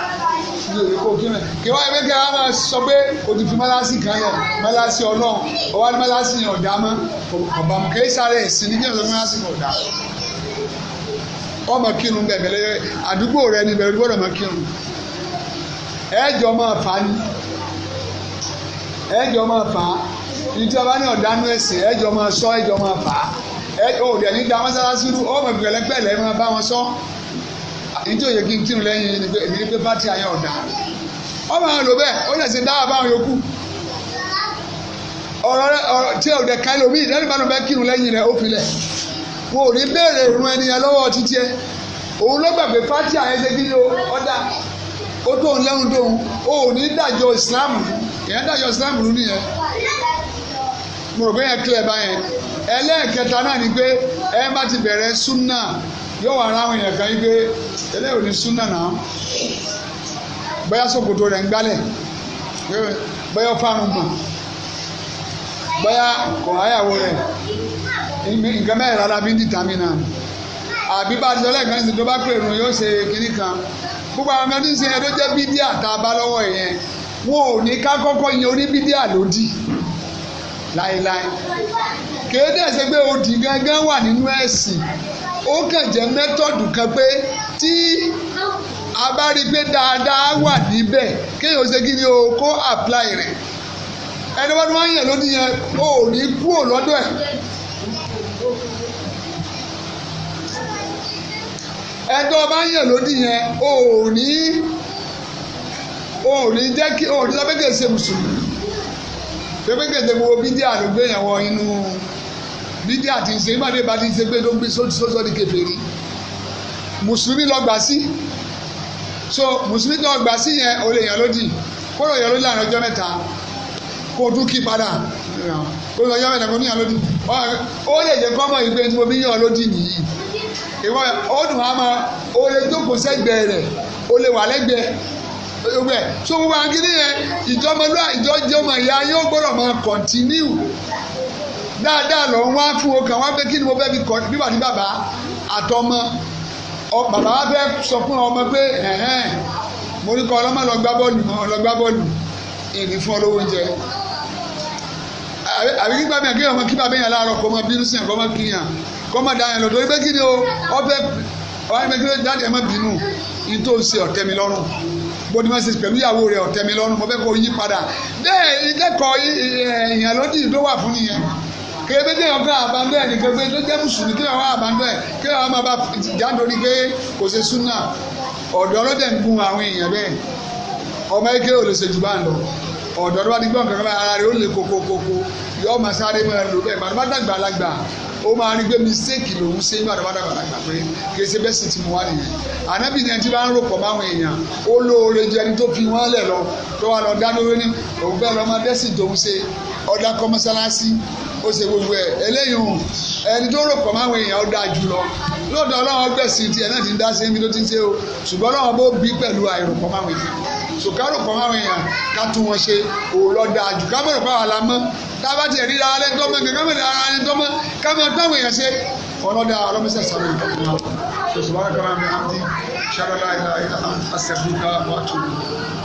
ní òye kó kírun kí wọ́n ẹgbẹ́ kí wọ́n máa sọ pé o ti fi mọ́lásì kan yẹ mọ́lásì ọlọ́run ọwọ́ ni mọ́lásì yẹn ọ̀dà mọ́ ọ̀bà kìí sáré ẹ̀sìn ní kí wọ́n mọ́lásì yẹn ọ̀dà ọmọ kírun bẹ̀rẹ̀ lẹ́yẹ àdúgbò rẹ ni bẹ̀rẹ̀ gbọ́dọ̀ máa kírun ẹ̀ẹ́dì ọmọ àfà ni ẹ̀ẹ́dì ọmọ àfà ní tí ní ọ̀dánú ẹ̀sìn ẹ̀jọ̀ máa sọ ẹ̀jọ̀ máa fà á ẹni da mọ́sálásí ọmọ ìpìlẹ̀ pẹ̀lẹ́ máa bá wọn sọ ìdí òye kí n lẹ́yìn ní pé ọ̀dà ọmọ àwọn lò bẹ́ẹ̀ ó dáhà báwọn yòókù ọ̀rọ̀ tí òde ká bá bẹ́ẹ̀ kírun lẹ́yìn ó filẹ̀ wọn ò ní béèrè ìrun ẹnìyàn lọ́wọ́ títí ẹ òun ló ṣe kí ni ọ̀dà ó tóun tóun ní mo rò pé yẹn clear báyẹn ẹlẹ́ẹ̀kẹta náà ni pé ẹ bá ti bẹ̀rẹ̀ súnà yóò wà ara àwọn èèyàn kan yìí pé eléyìí ni súnà náà bóyá ṣòkòtò rẹ̀ ń gbálẹ̀ bóyá fárun mọ̀ bóyá kò áyàwó rẹ̀ nǹkan mẹ́rin rárá bí ń dìtà mí náà àbí bá a ti sọ lẹ́ẹ̀kan tó bá pè láéláé kéde ẹsẹ pé odi gángan wà nínú ẹ̀sìn ó kàn jẹ́ mẹ́tọ̀dù kan pé tí a bá rí i pé dáadáa wà níbẹ kí o kó apply rẹ̀ ẹni wọ́n máa ń yàn lónìí yẹn ò ní ẹjọ́ bá yẹn ò ní ò ní pé kéde gbogbo bídíà ló gbé yẹn wọ inú bídíà ti ń ṣe nígbà tí ìbá ti ṣe pé ló gbé sósọ́ di kèfèrí mùsùlùmí lọ gbà sí so mùsùlùmí lọ gbà sí yẹn olè yẹn lódì kóró yẹn lódì láàrin ọjọ́ mẹ́ta kó o tún kí padà kó o lọ yọ mẹ́ta kó o níyàn lódì ó lè jẹ kọ́mọ̀ ìgbé tí mo fi yàn lódì nìyí ìwọ ó dùn á máa ó sẹ́gbẹ̀ẹ́ rẹ̀ ó wà lẹ́gbẹ̀ẹ́ gbogbo ẹ̀ so gbogbo àwọn kìíní yẹn ìjọmọlúwà ìjọjọmọ ìyá yóò gbọ́dọ̀ máa kọ̀ntínú dáadáa lọ wá fún o kàn wá pé kí ni mo fẹ́ fi kọ́ bíbà ní bàbá àtọmọ bàbá wa fẹ́ sọ fún ọmọ pé ẹ̀hẹ́n mo rí kọ́ ọlọ́mọ lọ gbá bọ́ọ̀lù lọ gbá bọ́ọ̀lù ìní fún ọ lówó oúnjẹ àbí kí bàbá yẹn kí ọmọ kí bàbá yẹn láàárọ̀ kọ́ ọmọ bínú sí yẹn kọ́ ọmọ kí yẹn kọ́ ọmọ dá yẹn lọ torí o ọ fẹ́ ọ wá ní pé kí ló dáadé ẹ má bínú ní tó body message pẹ̀lú ìyàwó rẹ̀ ọ̀tẹ̀ mi lọ́rùn mo fẹ́ kó yí padà bẹ́ẹ̀ ìkẹ́kọ̀ọ́ eh, èèyàn lódì ló wà fún nìyẹn kébé tí èèyàn kan àbándọ́ ẹ̀ nìkan pé tó jẹ́ mùsùlùmí kí wọ́n àbándọ́ ẹ̀ kí wọ́n máa bá jáńdórí pé kò ṣe súnà ọ̀dọ́ ló dẹ̀ ń gun àwọn èèyàn bẹ́ẹ̀ ọmọ eke ò lè ṣe jù bá ń lọ ọ̀dọ́ ló wá ní gbọ̀ngàn kan ara rẹ̀ ó lè kókókókó yọ ọmọ sáré mọ́ ẹ lò bẹ́ẹ̀ màdùmá dàgbà alágbà O máa rí pé mistake lòun ṣe nígbà tó bá dàgbà dàgbà pé kì í ṣe bẹ́ẹ̀ sì ti wá nìyẹn ànábì ni ẹni tí bá ń ròpọ̀ máwọn èèyàn ó lóore jẹ ẹni tó fi wọ́n lẹ̀ lọ tó wà lọ dáná lórí òun fẹ́ lọ́ máa dẹ́sìn tòun ṣe ọ̀dà kọ́ mọ́sálásí ó ṣe gbogbo ẹ̀ eléyìí ẹni tó ròpọ̀ máwọn èèyàn ó dáa jù lọ lóòótọ́ ọlọ́run gbẹ̀sìn tiẹ̀ náà ti ń dá sí ibi tó ti ń ṣe o ṣùgbọ́n ọlọ́run bó bí pẹ̀lú àìròpọ̀ máwọn èèyàn sòkárò kan máa wẹ̀yàn ká tún wọn ṣe òòlọ́ jù ká mọ̀rọ̀ pàwọ́ àlámọ́ tá a bá tiẹ̀ ríra alẹ́ tó mọ́ mọ̀ ríra alẹ́ tó mọ́ ká mọ̀ máa gbá àwọn èèyàn ṣe ọlọ́dà ọlọ́mọṣẹ́ sàrò ìtọ́jú ṣòṣùbọ́n kan náà ní àmì ṣàlọ́lá ìlà ìlà àṣẹ